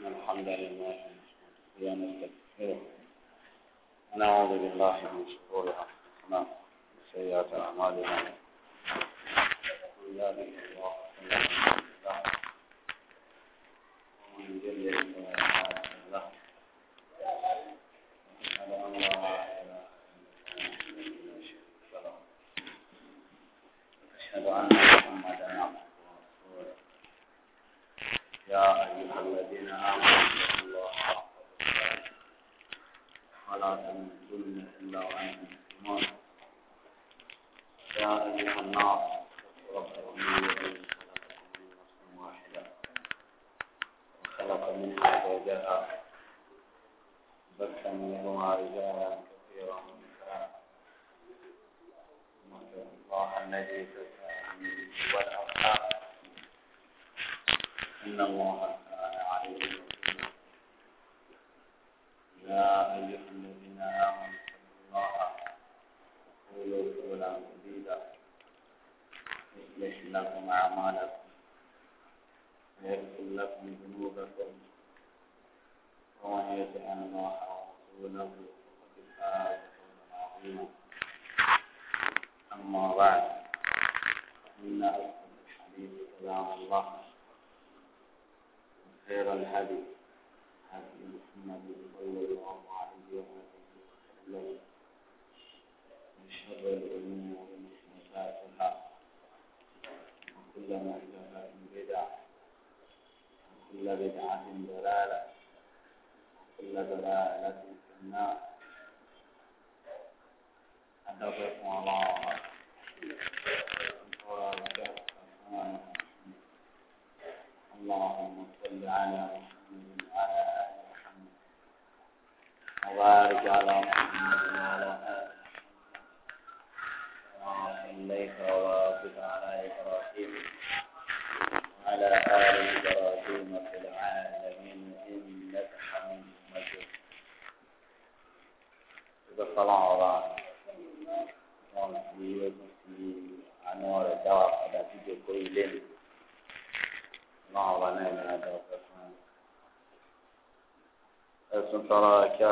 الحمد لله يا ونستغفره ونعوذ بالله من شرور أنفسنا وسيئات أعمالنا من يهده الله فلا مضل له ومن يضلل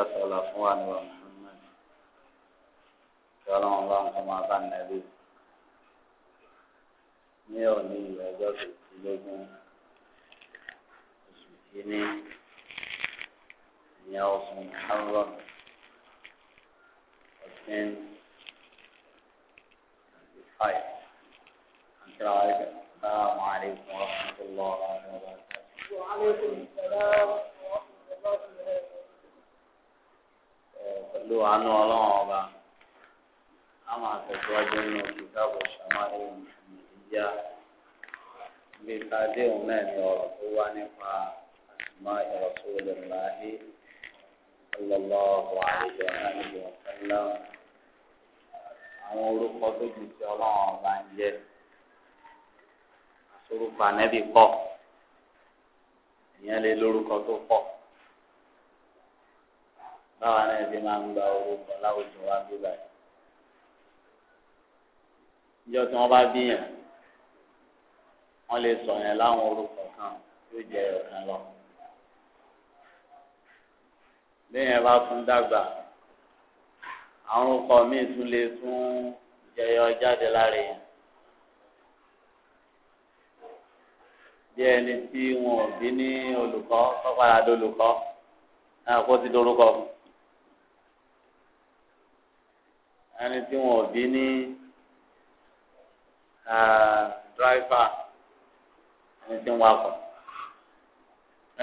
àtọ̀là fún àníwá Muhammad kí ọlọ́run bá ń kọ́ máa bá nàbí ní òní ìyàjọ́ kejìlélógún oṣù kìíní ìyẹn oṣù Muharram ọ̀sìn five Assalamu alaikum warahmatullahi wabarakatuh. Wa alaikum assalam. pẹ̀lú àánú ọlọ́run ọba a máa tẹ̀síwájú nínú kìtàbù ṣàmáyé ìyá bí tàdé òun náà ní ọ̀rọ̀ tó wá nípa àtìmá Rasulullahi sallallahu alaihi wa alihi wa sallam àwọn orúkọ tó jù sí ọlọ́run ọba ń jẹ́ àsorúkọ ànẹ́bí pọ̀ ìyẹn lè lórúkọ tó pọ̀ báwa náà ṣe máa ń gba owó kan láwùjọ wa bí báyìí ìjọ tí wọ́n bá bí yẹn wọ́n lè sọ yẹn láwọn orúkọ kan yóò jẹ ọ̀kan lọ lẹ́yìn bá tún dàgbà àwọn orúkọ míì tún lè tún jẹyọ jáde lára yẹn. bí ẹni tí wọn ò bí ní olùkọ́ kọ́kọ́ra dolùkọ́ náà kó ti dorúkọ fún ẹni tí wọn ò bí ní dráìfà ẹni tí wọn akọ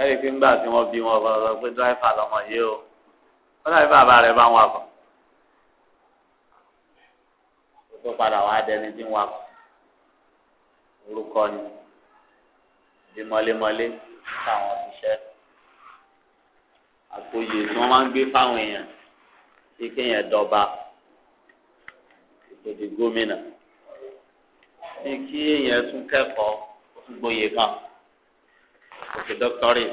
ẹni tí ńgbà tí wọn bí wọn kọ lọ pé dráìfà lọmọ yìí o wọn dàbí bàbá rẹ bá wọn akọ tó padà wá dẹni tí wọn akọ orúkọ ni bí mọlémọlé táwọn ṣiṣẹ́ àpòyè tí wọn máa ń gbé fáwọn èèyàn bí kéèyàn dọba tó gómìnà bí kí èèyàn tún kẹ́kọ̀ọ́ tún kan òkè dọ́kítọ́rì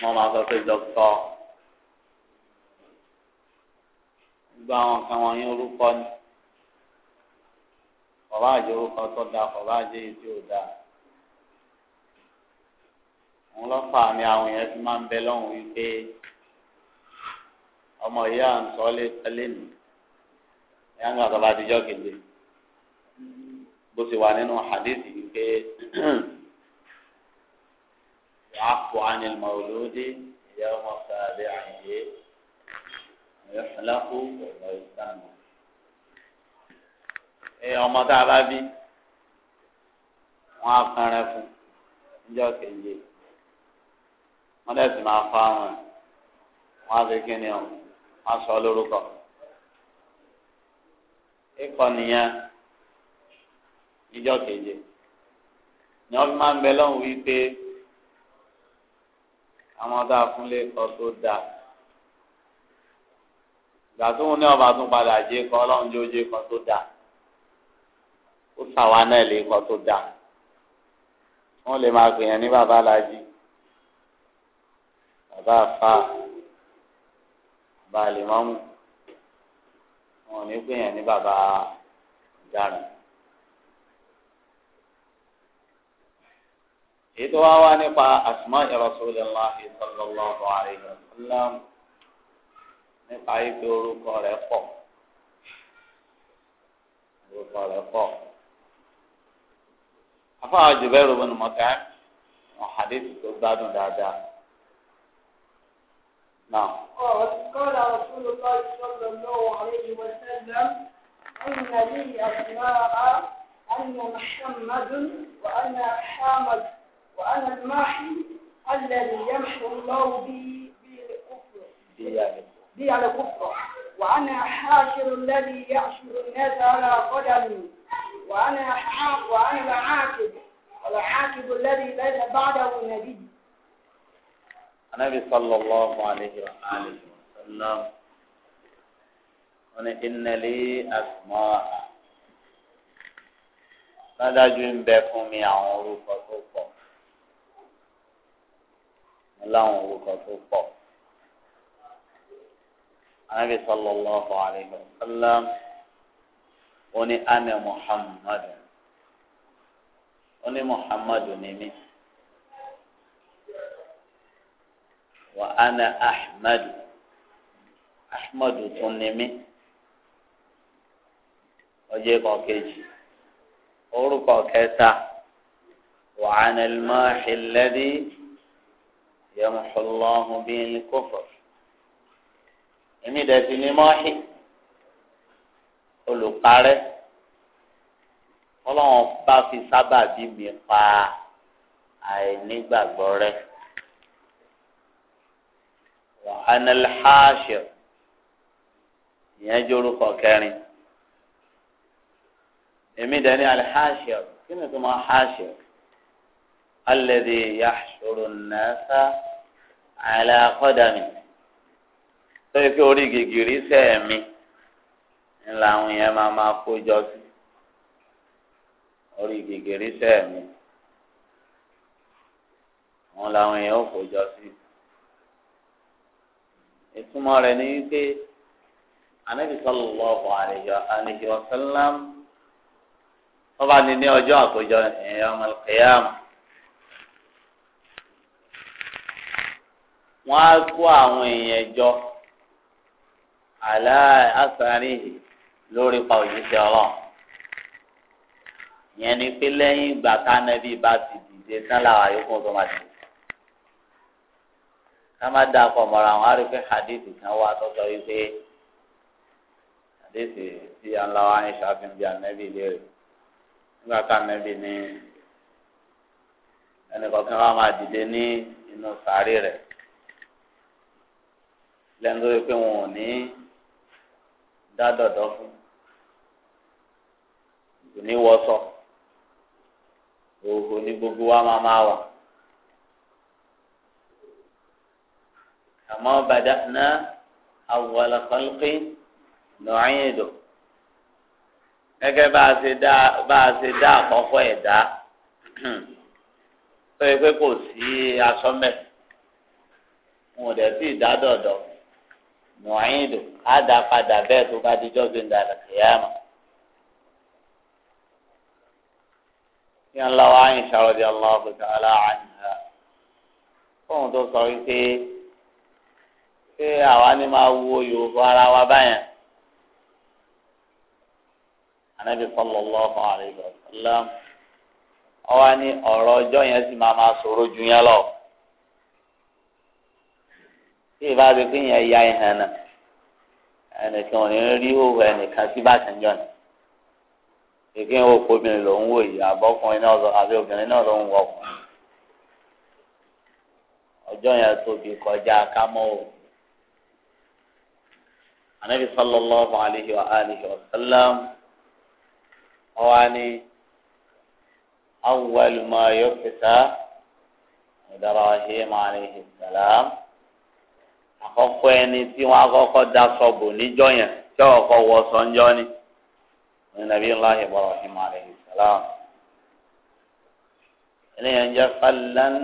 wọ́n máa sọ pé dọ́kítọ́ gbogbo àwọn nǹkan wọ̀nyí orúkọ ni kọ̀ọ̀bá àjẹ orúkọ tó dáa kọ̀ọ̀bá àjẹ èyí tí ò dáa òun lọ fà àwọn èèyàn fi máa ń bẹ lọ́hùn wípé ọmọ ìyá à ń sọ lé tẹ́lẹ̀ nìyí ẹ̀yà ńgbà tó bá ti jọ́ kéde bó ti wà nínú hadithi yìí pé yàáfù anil mawludi ìyá ọmọ sàbẹ àyè ìyàfúnláfù ọ̀rọ̀ ìsàmù. ẹ ọmọ tá a bá bí wọn á fẹ́rẹ̀ fún níjọ́ kéde dẹ̀ sì máa fa wọn wọn á fi kí ni ọ á sọ lórúkọ ikọ̀ nìyẹn níjọ́ keje ni wọ́n fi máa ń bẹ lọ́hùn wípé àwọn ọ̀dà fúnlé kọ́ tó dáa ìgbà tó ń ní ọba tún padà jẹ́ kọ́ ọlọ́run jẹ́ ojú ikọ̀ tó dáa ó sàwa náà lè kọ́ tó dáa wọ́n lè máa pè yẹn ní bàbá alájí bàbá àfa bàbá àlèmọ́mù wọn ò ní pè yàn ní bàbá ọ̀daràn. èyí tó wá wá nípa asma'i rasulillahi sallallahu alayhi wa sallam nípa ibi orúkọ rẹ̀ pọ̀ orúkọ rẹ̀ pọ̀ afáwọn Jubair ibn Mut'im wọn hadith tó gbádùn dáadáa. نعم قال رسول الله صلى الله عليه وسلم ان لي اسماء ان محمد وانا حامد وانا الماحي الذي يمحو الله بي بي يعني. على كفر وانا حاشر الذي يحشر الناس على قدمي وانا وانا العاقب والعاقب الذي بعده نبي anabi sallallahu alayhi wa alayhi wa sallam wọ́n ìnàlẹ àtúmọ̀ ládájú ń bẹ fún mi àwọn orúkọ tó pọ̀ mo láwọn orúkọ tó pọ̀ anabi sallallahu alayhi wa sallam wọ́n ní ana muhammadu wọ́n ní muhammadu ni mí. wa ana ahmadu ahmadu tún ni mí ọjọ́ kan kejì orúkọ kẹta wa ana al-mahi alladhi yamhu Allahu bihi al-kufr èmi dẹ̀sí ni mọ́ọ̀hì olùparẹ́ ọlọ́run bá fi sábà bí mi pa àìnígbàgbọ́ rẹ̀ wà ánàlháṣẹ يجول jẹ́ orúkọ على èmi dání alháṣẹ kí ni tó máa háṣẹ alẹ́dẹ̀ yàṣọrọ nàṣà àlàkọ́dàmì tó yẹ kí orí gègèrè sẹ́ẹ̀mí ńlá àwọn yẹn máa máa kó jọ sí orí gègèrè sẹ́ẹ̀mí wọn làwọn yẹn ó kó jọ sí ìtumọ̀ rẹ̀ ni wípé anabi sallallahu alayhi wa sallam ọba ni ní ọjọ́ àkójọ ẹ̀yàn ọmọ kẹyàmù. wọ́n á kó àwọn èèyàn jọ àlá àsàrìhì lórí pa òjíṣẹ́ ọlọ́run yẹn ni pé lẹ́yìn ìgbà tánàbí bá ti dìde tán làwọn àyókù tó máa ti kama da akọ mọra àwọn arúgbó hadithi kan wà tọ́tọ́ yìí pé hadithi tí a ń lọ wáyé ṣàfihàn bí anabi léèrè nígbà tá anabi ní ẹnìkọ̀ọ̀kan wa máa dìde ní inú sàárè rẹ̀ lẹ́nu tó yẹ pé wọn ò ní dá dọ̀dọ̀ fún kò ní wọ́sọ̀ òhò ní gbogbo wa máa máa wà. كما بدأنا أول خلق نعيده gẹ́gẹ́ bá a ṣe dá bá a ṣe dá àkọ́kọ́ ẹ̀dá tó yẹ pé kò sí aṣọ mẹ́ wọn ò dẹ̀ sí ìdádọ̀dọ̀ nùáyìndò á dá padà bẹ́ẹ̀ tó bá dijọ́ gbẹ̀ndà kìyàmà. kí ń lọ́wọ́ àyìnṣà rọ̀bì ọlọ́ọ̀bù tó aláàánú tó sọ wípé. ṣé àwa ni máa wo yòówó ara wa báyẹn anabi sallallahu alayhi wa sallam ọwa ni ọ̀rọ̀ ọjọ́ yẹn sì máa máa sọ̀rọ̀ ju yẹn lọ tí bá ti yẹn ya ìhàn náà ẹnìkan ò ní rí òwò ẹnìkan sí jọ ni èké ń obìnrin lòún wò yìí náà lọ àbí obìnrin náà lòún wọ̀ ọjọ́ kọjá kámọ́ òun. anabi sallallahu alayhi wa alihi wa sallam ọwani awwal ma yọkisa ibrahim alayhi salam àkọ́kọ́ ẹni tí wọ́n àkọ́kọ́ da sọbò níjọ́ yẹn tí wọ́n kọ wọ sọnjọ ni ní nabi allah ibrahim alayhi salam eléyàn jẹ fallan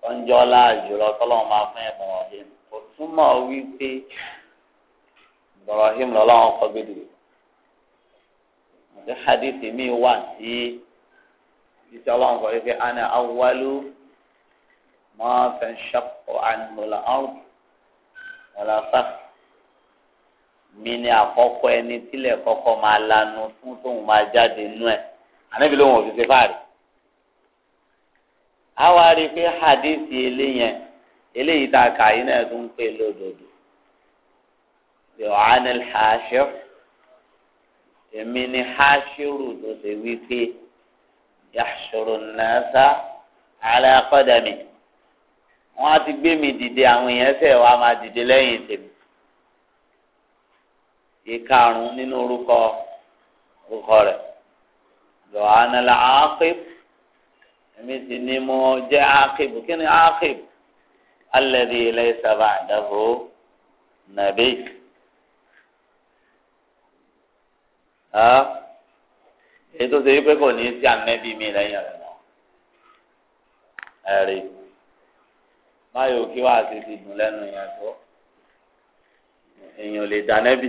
sọnjọ la jùlọ tọlọmọ afẹn ibrahim súnmọ́ wípé Ibrahim lọ́lọ́wọ́n kọ́ gbé dìde àti hadith mi wà sí ìṣe ọlọ́run kọ́ wípé ana awwalu ma tanshaqqu anhu al-ard wala sakh mi ni àkọ́kọ́ ẹni tílẹ̀ kọ́kọ́ máa lanu fún tóun máa jáde nú ẹ̀ ànábi lóun ò fi ṣe fáàrí. àwa rí i pé hadith eléyẹn eléyìí tá a kà yín náà tún pè lódodo yohane haṣir èmi ni haṣiru tó ṣe wípé yàṣọrọ nàṣà alákọ̀dàmì wọn á ti gbé mi dìde àwọn èèyàn sẹ wàá máa dìde lẹ́yìn tèmi ìkarùn nínú orúkọ orúkọ rẹ yohane la ákìb èmi sì ni mo jẹ ákìb kí ni ákìb alladhi laysa ba'dahu nabiy. èyí tó ṣe wípé kò ní í sí ànábì mi lẹ́yìn rẹ̀ mọ́ ẹ̀rí báyọ̀ kí wàá ti ti dùn lẹ́nu yẹn tó èèyàn lè dá nẹ́bì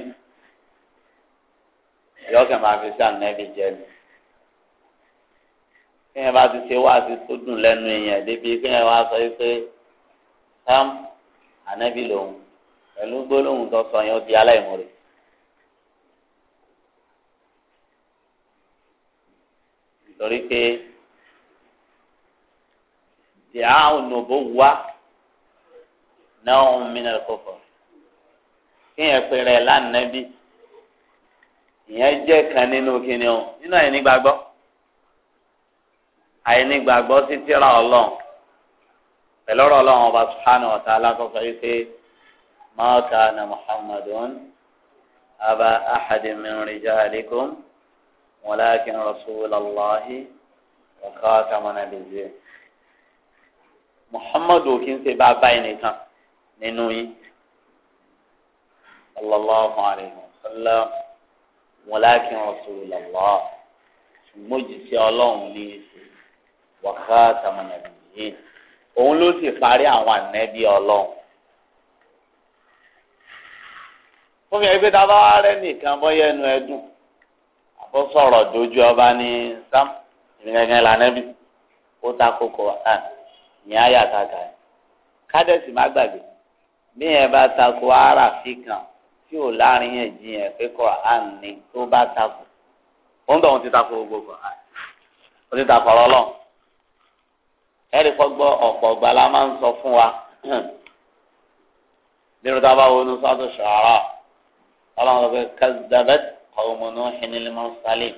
yọ̀ọ́kẹ́ máa fi sí ànábì jẹ́ ni kéèyàn bá ti ṣe wáàsí tó dùn lẹ́nu èèyàn débi kéèyàn wá sọ pé sam anabi lòun pẹ̀lú gbólóhùn tó sọ yẹn ó di aláìmoore. torí pé dìáhùn nòbó wá náà ń mìíràn kọ̀ọ̀kan kíyẹn pé rẹ̀ lánàbí ìyẹn jẹ́ kan nínú kíni o nínú àìnígbàgbọ́ àìnígbàgbọ́ sí tírà ọlọ́run pẹ̀lọ́rọ̀ ọlọ́run ọba subhanahu wa ta'ala sọ yìí pé ma kana muhammadun aba ahadin min rijalikum walakin rasulallahi wa khataman nabiyyin. muhammadu kì í ṣe bá báyìí nìkan nínú yín sallallahu alayhi wa sallam walakin rasulullah ṣùgbọ́n jìṣẹ́ ọlọ́run ní wa khataman nabiyyin. òun ló sì parí àwọn ànẹ́bí ọlọ́run. fún mi ẹgbẹ́ ta bá wá rẹ́ nìkan bọ́yá ẹnu ẹdùn àbọ̀ sọ̀rọ̀ dojú ọba ní sam ìrìngàngàn lànẹ́bí ó ta kókó ní àyà kàkà ẹ̀ kádẹ́sì má gbàgbé bí yẹn bá takò ara tí ò láàrin yẹn pé kọ́ n'i tó bá takò ń ti takò gbogbo ó ti takò ẹ̀rí kọ́gbọ́ ọ̀pọ̀ ọ̀gbà la máa ń sọ fún wa nínú tá a bá wọnú sọ́tò ṣàrà ọlọ́run ọ̀gbẹ́ kazabat qawmu Nuhin al-mursalin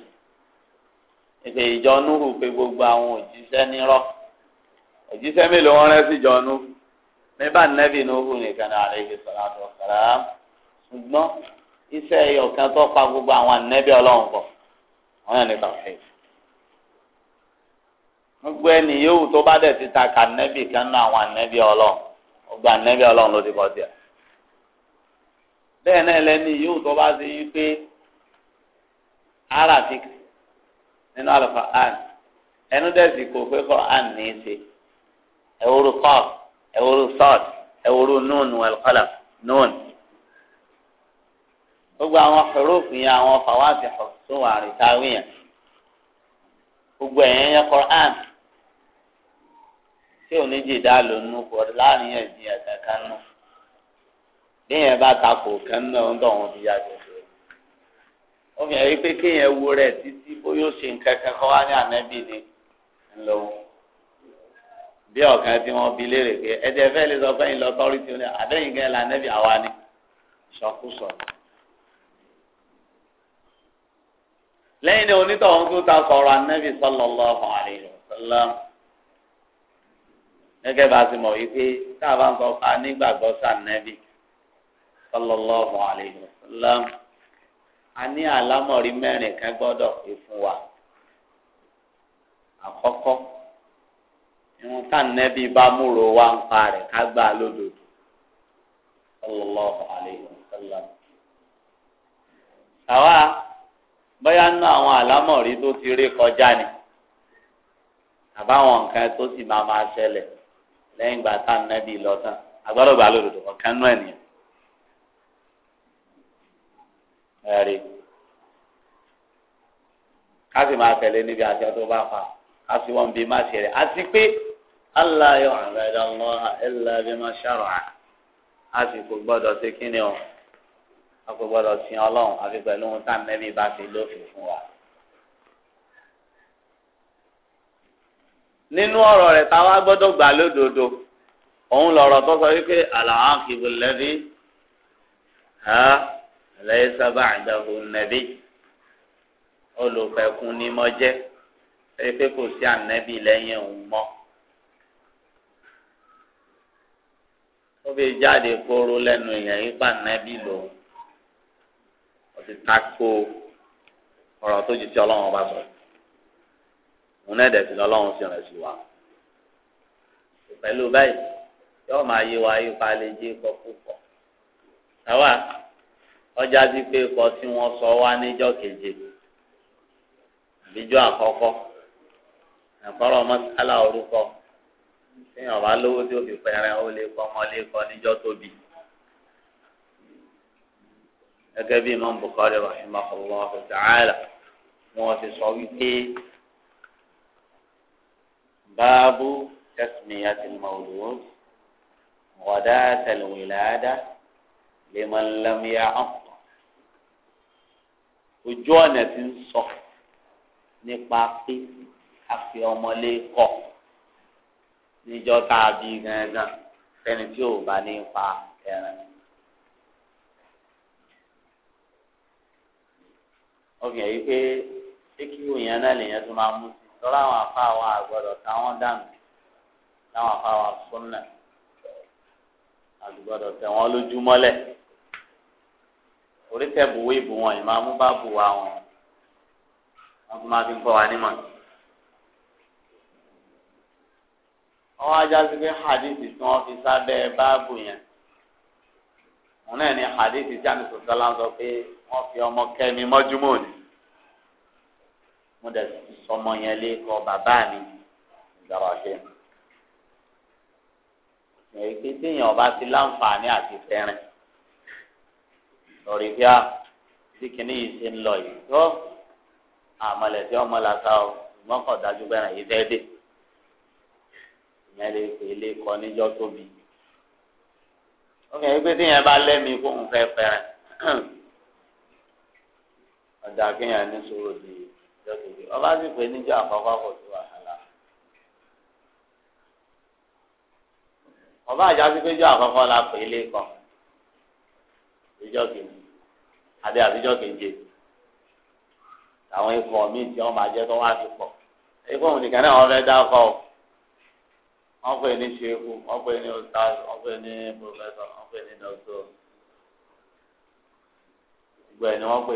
ìpè ìjọ Nuhu pé gbogbo àwọn òjíṣẹ́ nírọ́ òjíṣẹ́ mélòó wọn rẹ́ sí ìjọ Nuhu níbà nẹ́bì Nuhu nìkan ní alayhi salatu wa salam ṣùgbọ́n iṣẹ́ ẹ̀yọ̀ tó pa gbogbo àwọn ànẹ́bì ọlọ́run pọ̀ wọ́n yàn ní tàwọn ẹ̀yìn gbogbo ẹni yòówù tó bá dẹ̀ ti ta ka nẹ́bì kan náà àwọn anẹ́bì ọlọ́run gbogbo anẹ́bì ọlọ́run ló ti kọ́ tiẹ̀. bẹ́ẹ̀ náà lẹ́ni yòówù tó bá ti yí pé arafik nínú àlùfà àn ẹnu dẹ̀ sì kò pé kọ́ àn ní í ṣe ẹ̀wòrú kọ́f ẹ̀wòrú sọ́ọ̀t ẹ̀wòrú nùnù ẹ̀kọ́là nùnù. gbogbo àwọn fẹ̀rọ̀fù yẹn àwọn fàwáàtì ọ̀ṣun àrìtàwìn yẹn gbogbo ẹ̀yẹn yẹn kọ́ àn tí ò ní jì dá lò nù kọ láàrin ẹ̀jìn ẹ̀ka kan nù bíyẹn bá takò kan náà ń dọ̀wọ́n fi yá gbèsè ó fi hàn yí pé kéèyàn wo rẹ̀ títí bóyá ó ṣe nǹkan kan kọ́ wá ní ànábì ni ńlọ́wọ́ bí ọ̀kan tí wọ́n bi léèrè pé ẹ̀jẹ̀ fẹ́ lè sọ fẹ́yìn lọ tọ́rí tí ó ní àdéhìn gẹ́gẹ́ la ànábì àwa ni sọkúsọ. lẹ́yìn náà onítọ̀hún tó ta sọ̀rọ̀ ànábì sallallahu alaihi wasallam gẹ́gẹ́ bá a ti mọ̀ wípé tá a bá ń sọ pa nígbàgbọ́ sànẹ́bì sallallahu alayhi wa sallam a ní àlámọ̀rí mẹ́rin kan gbọ́dọ̀ pé fún wa àkọ́kọ́ ìwọ̀n sànẹ́bì bá múro wá ń pa rẹ̀ ká gbà lódodo sallallahu alayhi wa sallam àwa bóyá nínú àwọn àlámọ̀rí tó ti rí kọjá ni àbáwọn nǹkan tó sì máa máa ṣẹlẹ̀ lẹ́yìn ìgbà tá ànábì lọ tán agbọ́dọ̀ gbà lódodo ọ̀kan nú ẹ̀nìyàn. ẹ̀rí ká sì máa tẹ̀lé níbi àṣẹ tó bá fa ká sì wọ́n bí má ṣe rẹ̀ àti pé aláyọ̀ àrẹ̀dá wọn ẹ̀là bí má ṣàrọ̀ à á sì kò gbọ́dọ̀ sí kíni o a kò gbọ́dọ̀ sin ọlọ́run àfi pẹ̀lú ohun tá ànábì bá ti lófin fún wa. nínú ọ̀rọ̀ rẹ̀ táwa gbọ́dọ̀ gbà lódodo òun lọ̀rọ̀ tó sọ wípé àlàáfíà lẹ́bí ha lẹ́yìn sábà àdàbò nẹ́bí olùfẹ̀kùn ni mo jẹ́ pé kò sí ànẹ́bí lẹ́yìn òun mọ́. ó fi jáde kóró lẹ́nu èèyàn yìí pa ànẹ́bí ó ti takò ọ̀rọ̀ tó jù sí ọlọ́run ọba sọ̀rọ̀ òun náà dẹ̀sí lọ́lọ́run sì rẹ̀ sí wa. pẹ̀lú báyìí yóò máa yé wa ipa lè jẹ́ ikọ̀ púpọ̀. sáwà ọjà sí pé ikọ̀ tí wọ́n sọ wá níjọ́ keje àbíjọ́ àkọ́kọ́ ẹ̀kọ́rọ̀ mọ́sálà orúkọ téèyàn bá lówó tí ó fi pẹ̀rẹ̀ ó lè kọ́ ọmọ lè kọ́ níjọ́ tóbi. gẹ́gẹ́ bí imam Bukhari rahimahullah ta'ala wọ́n ti sọ wípé. باب تسمية المولود غداة الولادة لمن لم يعط ojú ọ̀nà tí ń sọ nípa pé a fi ọmọlé kọ níjọ́ tá a bí gangan fẹ́ni tí ò bá ní pa ẹran. ọkàn yìí pé ṣé kí òyìn náà lèèyàn tún máa mú sí lọ́la àwọn afa wa àgbọ̀dọ̀ táwọn dànù táwọn afa wa súnlẹ̀ àgbọ̀dọ̀ tẹ̀ wọ́n lójú mọ́lẹ̀ orí tẹ̀ bùwé ìbò wọn ìmáàmù bá bù wá wọn wọn tún máa fi ń kọ́ wa nímọ̀. wọ́n á jásí pé hadithi tí wọ́n fi sábẹ́ báàbù yẹn wọn náà ní hadithi tí àmì sọ̀tọ́ la pé wọ́n fi ọmọ kẹ́mi mọ́júmọ́ ni mo dẹ̀ sọmọ yẹn lé kọ bàbá mi Ibrahim èké téèyàn ọba ti láǹfààní àti fẹ́rẹ̀ lórí bíá tí kìíní yìí ṣe ń lọ yìí tó àmọ̀lẹ̀ tí ọmọ làtà o ìgbọ́n kọ̀ dájú bẹ́ẹ̀ yìí fẹ́ dé ìyẹn lè pè é lè kọ níjọ́ tóbi ọkàn yìí téèyàn bá lẹ́mìí kó fẹ́ fẹ́rẹ̀ ọjà kéèyàn ní sòrò di lọ́kùnrin ọba sì pé níjọ́ àkọ́kọ́ kò sí wàhálà ọba àjá sí pé níjọ́ àkọ́kọ́ la pè é lẹ́kọ̀ọ́ ìjọ́ kejì àbí àbíjọ́ keje àwọn ikọ̀ míì tí wọ́n máa jẹ́ tó wá fi pọ̀ ikọ̀ òun nìkan náà wọ́n fẹ́ dákọ̀ o wọ́n pè ní ṣeku wọ́n pè ní ostaz wọ́n pè ní professor wọ́n pè ní doctor gbogbo ni wọ́n pè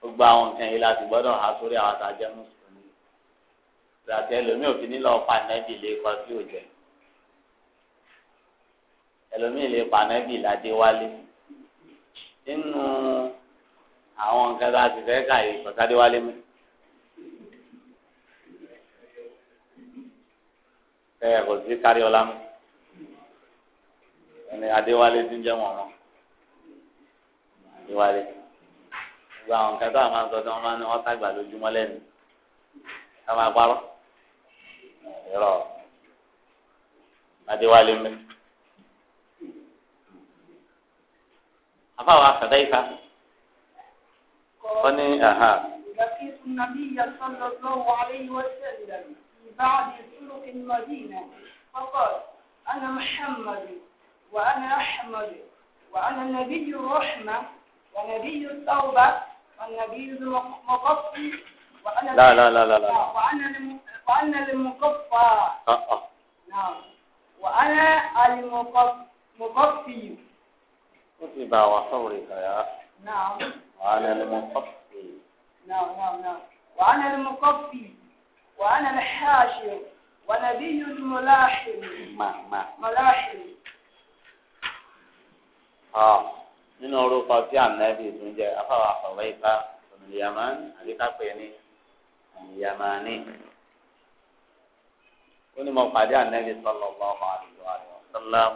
gbogbo àwọn nǹkan yìí láti gbọ́dọ̀ há sórí àwọn àtàjẹ́ mùsùlùmí ìgbàtí ẹlòmíì òfin nílò panẹ́bì lè kọ́ sí òjẹ́ ẹlòmíì lè panẹ́bì ládé wálé nínú àwọn nǹkan tá a ti fẹ́ kà yìí kọ́tádé wálé mú. ẹ kò sí kárí ọlá mú ẹni adéwálé ti ń jẹ́ mọ̀mọ́ adéwálé. gba àwọn nǹkan tó àwọn sọ tí wọn máa ń wọn tàgbà lójúmọ́ lẹ́nu ká máa parọ́ ìrọ adéwálé mi. afáwọn afẹ́dá ìta wọ́n ní. لقيت النبي صلى الله أنا محمد وأنا أحمد وأنا نبي الرحمة ونبي التوبة والنبيذ المقصي وأنا لا لا لا لا لا آه، آه. وأنا وأنا المقصى نعم وأنا المقصي كتب وصورك يا نعم وأنا المقصي نعم نعم نعم وأنا المقصي وأنا الحاشر ونبي الملاحم ما ما ملاحم آه nínú orúkọ tí ànábì tún jẹ afáwà àfọwọ́ ìfá ọ̀nìyàmánì àbíkápẹ́ ní ọ̀nìyàmánì. ó ní mo pàdé ànábì sallallahu alaihi wa sallam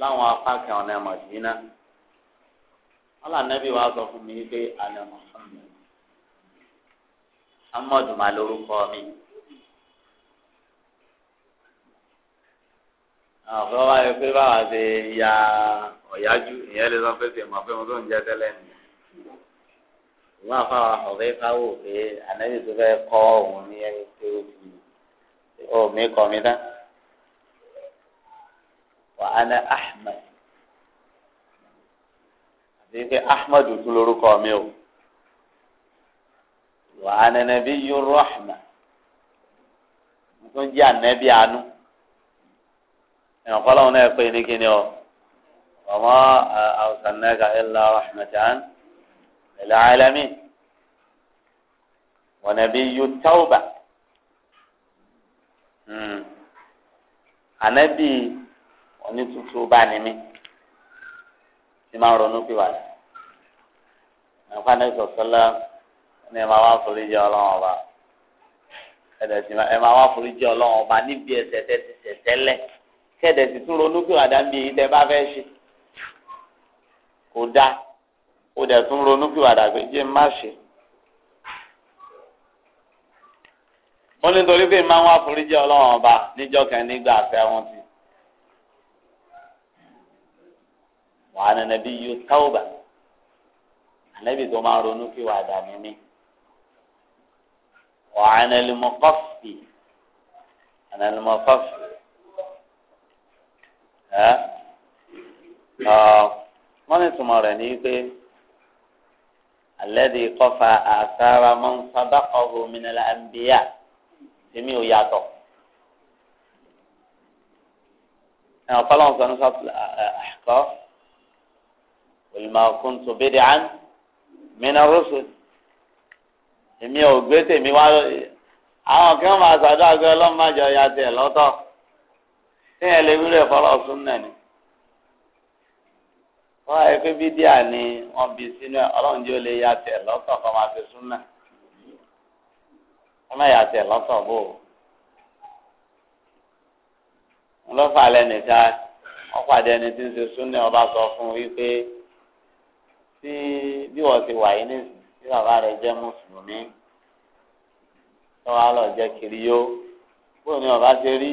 láwọn apá kan ọ̀nà Mádínà wọn là nẹ́bí wa sọ fún mi pé àná Muhammad Muhammad mà lórúkọ mi. àwọn ọba yẹ pé báwa ṣe ya ọ̀yájú ìyẹn lè sọ pé ṣe mọ̀ pé mo tó ń jẹ tẹ́lẹ̀ ni ìwọ àfàwà ọ̀rẹ́ káwò pé ànábì tó fẹ́ kọ́ òun ní ẹni tó fi omi kọ́ mi dá wà á ní Ahmed àti pé Ahmed tún lórúkọ mi o wà á ní nàbí yorùbá mo tún jẹ́ ànábì àánú ẹ̀kọ́ lọ́wọ́ náà pé ní kíni ọ ọmọ àwùsànnẹ́gà ilà rahmatan ilà alami wa nabiyyu tawba hmm. ànábì onítútù bá ní mi tí máa ń ronú pìwàdà ẹ̀kọ́ ànábì sọ̀sọ́lá ní ẹ̀ máa wá foríjì ọlọ́run ọba ẹ̀dẹ̀ sì máa wá foríjì ọlọ́run ọba níbi ẹ̀ṣẹ̀ tẹ́tí ṣẹ̀ tẹ́lẹ̀ kẹ̀dẹ̀ sì tún ronú pé wàdà ń bi èyí tẹ́ bá fẹ́ ṣe kò dáa ó dẹ̀ tún ronú pé wàdà pé jẹ́ má ṣe. wọ́n ní torí pé máa wá foríjì ọlọ́run ọba níjọ́ kan nígbà àfẹ́wọ́n ti. wàá nana bí yóò táwọ̀bà ànábì tó máa ronú pé wàdà mímí. wàá nana lè mọ kọ́fì ànàlùmọ́ kọ́fì wọ́n ní tùmọ̀ rẹ̀ ní pé alẹ́dì kọfà àtàrà mọ́ sábàkọ̀hó minala ẹ̀ǹbíyà èmi ò yàtọ̀. ẹ̀wọ̀n fọlọ́n sọ ní sọ́kọ́ olùmọ̀ kún tó bẹ́ẹ̀ dàn mìíràn rọ́ṣù èmi ò gbé tèmi wá àwọn kan máa sàdúrà pé ọlọ́mọ àjọ ya lọ́tọ̀. tí ẹ lè wílẹ̀ fọlọ́ súnà ni wọ́n á pé bídíà ni wọ́n bí sínú ẹ̀ ọlọ́run jẹ́ olè ya tẹ̀ lọ́tọ̀ kọ́ máa fi súnà wọ́n máa ya tẹ̀ lọ́tọ̀ bò ó lọ́fà lẹ́nìká pàdé ẹni tí ń ṣe súnà ọba sọ fún wípé tí bí wọ́n ti wà yín nísìnyí tí bàbá rẹ̀ jẹ́ mùsùlùmí tọ́wọ́ á lọ jẹ́ kiri yó bóun ni ọba rí.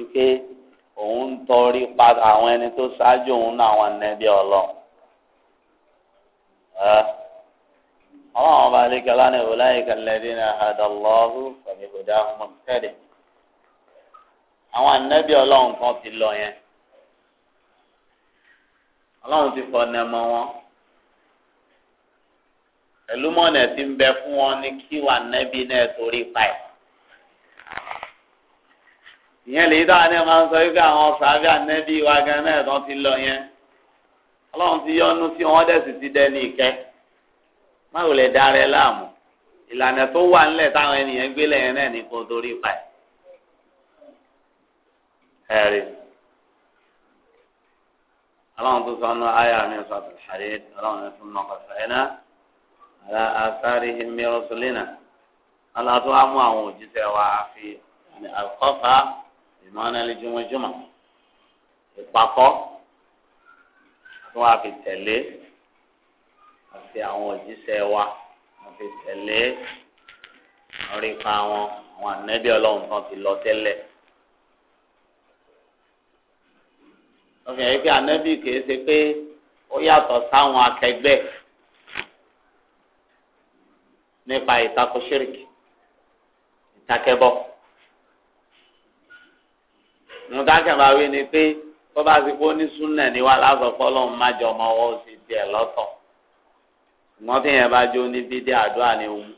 wípé òun ń tọrí pa àwọn ẹni tó ṣáájú òun náà àwọn ẹnẹbí ọlọ́run ọlọ́run ọba na ní ọláyíká lẹ́dí àdàlọ́hù pẹ̀lú ìgbòdà àwọn ẹnẹbí ọlọ́run kan ti lọ yẹn ọlọ́run ti fọ nẹmọ wọn ẹlúmọ̀nà ti ń bẹ fún wọn ní kí wà nẹ́bí náà torí pa ìyẹn lè dáa ní ẹ máa ń sọ wípé àwọn sàábì ànẹ́bí wa gan náà tán ti lọ yẹn ọlọ́run ti yọ́nú sí wọn dẹ̀sì ti dẹni ìkẹ́ má wò lè da rẹ láàmú ìlànà tó wà ńlẹ̀ táwọn ènìyàn gbé lẹ́yìn náà ní kó torí pa ẹ̀. ẹ̀rí ọlọ́run tó sọnù ayé àmì ìfọ̀tò àdé ọlọ́run tó nà kọ̀sọ̀ ẹ̀ náà àlá àsárí mìíràn sọlẹ́nà ọlọ́run tó wá àwọn òjíṣẹ́ wa àfi àkọ́fà ìmọ̀nàlì jùmọ̀jùmọ̀ ìpàkọ́ tí wọ́n á fi tẹ̀lé àti àwọn òjíṣẹ́ wa wọ́n fi tẹ̀lé orí pa wọn àwọn ànẹ́bí ọlọ́run kan ti lọ tẹ́lẹ̀. wọ́n fi hàn yí pé ànẹ́bí kìí ṣe pé ó yàtọ̀ sáwọn akẹgbẹ́ nípa ìtakò ṣíríkì ìtakẹ́bọ̀ mo dákẹ́ máa wí ni pé tó bá ti kó ní súnà ní wa lásọpọ̀ lọ́hùn má jọ ọmọ ọwọ́ sí tiẹ̀ lọ́tọ̀ ṣùgbọ́n tí yẹn bá jó ní bídí àdúrà ni òun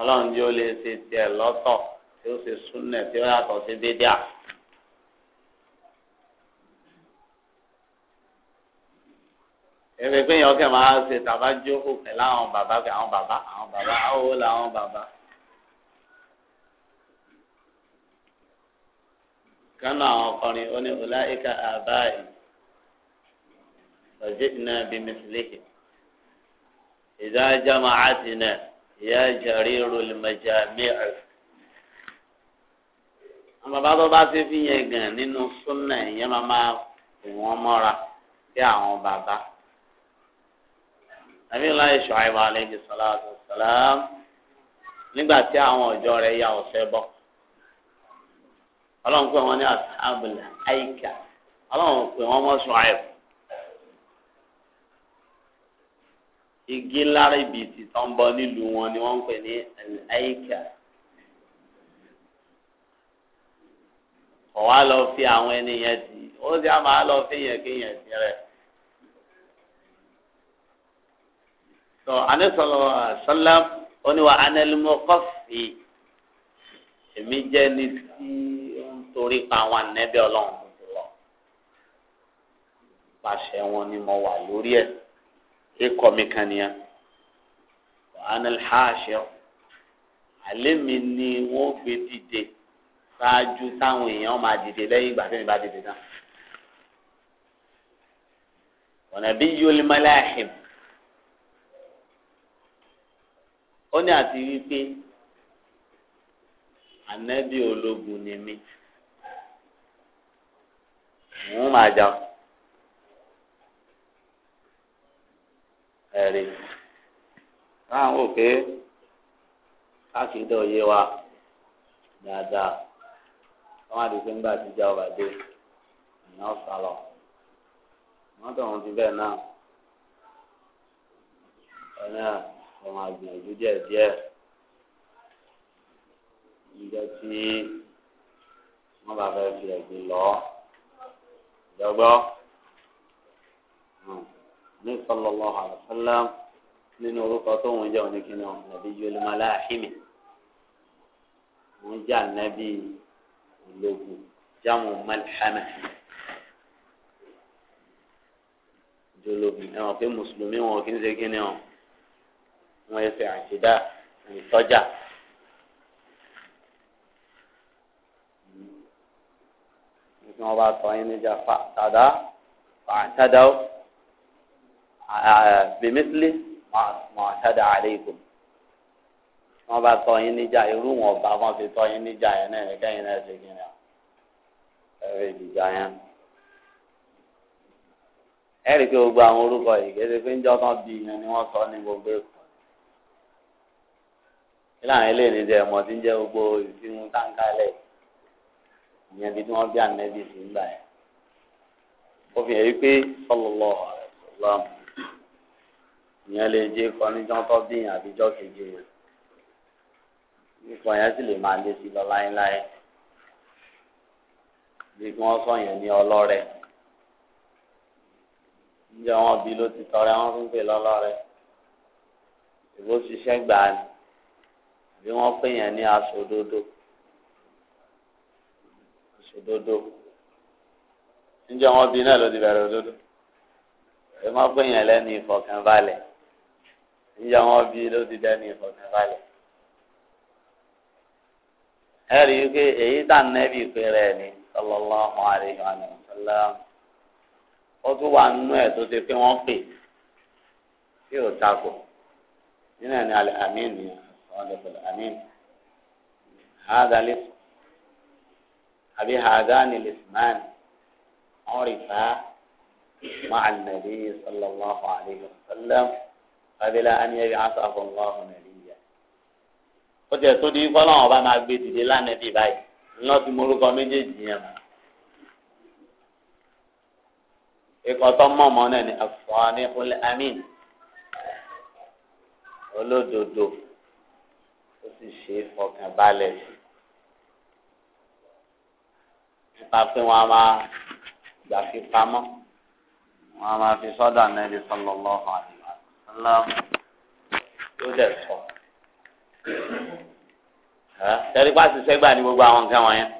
ọlọ́run jó lè ṣe tiẹ̀ lọ́tọ̀ tí ó ṣe súnà tí ó yàtọ̀ sí bídí à. ẹ̀rẹ̀ pé yẹn ọkẹ́ máa ṣe tàbá jókòó pẹ̀lú àwọn bàbá pẹ̀lú àwọn bàbá àwọn bàbá àwọn wo làwọn bàbá. kánú àwọn ọkùnrin ó ní ọláìka àbáyé ọ̀jẹ̀dínà bíi mẹsìlẹ́kì ìdájọ́ máa ti nà ìyá jàrí rọlùmọ̀jà mìíràn. àwọn bàbá tó bá ti fi yẹn gàn nínú súnà ìyẹn máa máa kù wọ́n sí àwọn bàbá. àmì ńlá ìṣọ̀ àìwá aleyhi salatu salam nígbà tí àwọn ọ̀jọ́ rẹ̀ ya ọ̀sẹ̀ bọ̀ ọlọ́run pé wọ́n ní àbùlà àyíká ọlọ́run pé wọ́n mọ́ ṣùáìb igi lára ibi tí tó ń bọ nílùú wọn ni wọ́n ń pè ní àyíká ọ̀wá lọ fi àwọn ènìyàn tì ó sì á máa lọ fi yẹn kí yẹn tì rẹ̀. tọ́ anẹ́sọ̀lọ́ sọ́lá ó ní wa anẹ́lẹ́mọ́kọ́fì èmi jẹ́ ní tí torí pa àwọn ànẹ́bẹ́ ọlọ́run tuntun lọ. pàṣẹ wọn ni mo wà lórí ẹ̀ ikọ̀ mi kan nìyẹn. anil haṣẹ alẹ́ mi ni wọ́n gbé dìde ṣáájú táwọn èèyàn máa dìde lẹ́yìn ìgbà tí mi bá dìde náà. ọ̀nà bí yóò mẹ́lẹ́ ó ní àti wípé ànẹ́bí ológun ni mí. ma máa jà ẹ̀rí láwọn òkè káàkiri òye wa dáadáa wọ́n á di pé nígbà tí ìjà ọba dé ìyá ọ̀sà lọ wọ́n tọ̀ ti náà ẹ̀rí à ọmọ àgbìyànjú dị díẹ̀ níjọ́ tí wọ́n bá fẹ́ fi ẹ̀gbìn lọ dọgbọ hmm. ní sallallahu alaihi wasallam nínú orúkọ tó ń jẹ òní kíni ọ nàbí yọlẹ malahimi wọn jẹ ànábì ológun jáwọn malhama jọlọbi ẹ wọn pé wọn kì í ṣe kíni ọ wọn ẹ fẹ àṣìdá ìtọjà. tí wọ́n bá sọ yín níjà fà tàdá fàǹtàdá bìmísílì mọ̀ọ́tàdá àlékún tí wọ́n bá sọ yín níjà irú wọn bá wọn fi sọ yín níjà yẹn náà ní kẹ́yìn náà ṣe kìnìún ẹ̀rẹ́ ìdìjà yẹn. ẹ̀rì pé gbogbo àwọn orúkọ yìí kéde pé ń jọ́ tán bí ìyẹn ni wọ́n sọ ní gbogbo èkó kí láwọn eléyìí ní jẹ́ ẹ̀mọ́ tí ń jẹ́ gbogbo ìsinmi táǹkà lẹ́yìn ìyẹn bí wọ́n bí ànẹ́bí sí ń gbà yẹn ó fi hàn yí pé sọlọ́lọ́ ọ̀rẹ́sọ̀lọ́m ìyẹn lè jẹ́ kọ́ níjọ́ tó bí yẹn àbíjọ́ keje rẹ̀ nípa yẹn sì lè máa lé sí lọ láéláé bí wọ́n sọ yẹn ní ọlọ́rẹ̀ ǹjẹ́ wọn bí ló ti tọrẹ wọn fún pé lọ́lọ́rẹ̀ ìbò ṣiṣẹ́ gbà ni bí wọ́n pè yẹn ní aṣọ òdodo. òdodo níjọ wọn bí náà ló ti bẹrẹ òdodo ẹ má pè yàn lẹ́nu ìfọ̀kànbalẹ̀ níjọ wọn bí ló ti dẹnu ìfọ̀kànbalẹ̀ ẹ rí i pé èyí tà nẹ́bí ìpèrè ẹ̀ ó tún wà nínú ẹ̀ tó ti pé wọ́n pè takò nínú ẹ̀ ní alẹ́ ni àbí hadani lisman ọrìfà مع النبي صلى الله عليه وسلم قبل أن يبعثه الله نبيا ó tiẹ̀ tó di kọ́lọ́n ọba máa gbé dìde lánàbí báyìí lọ́ọ́ ti morúkọ méjèèjì yẹn mọ́ ikọ̀ tó mọ̀mọ́ náà ni àfọ̀ọ́nì ọlẹ́ amín olódodo ó sì ṣe é fọkàn balẹ̀ sí nípa pé wọn a máa gbà fi pamọ́ wọn a máa fi sọ́dọ̀ Ànábì sallallahu alaihi wasallam yóò dẹ̀ sọ. tẹ̀lé pàṣẹ sẹ́gbà ní gbogbo àwọn nǹkan wọ̀nyẹn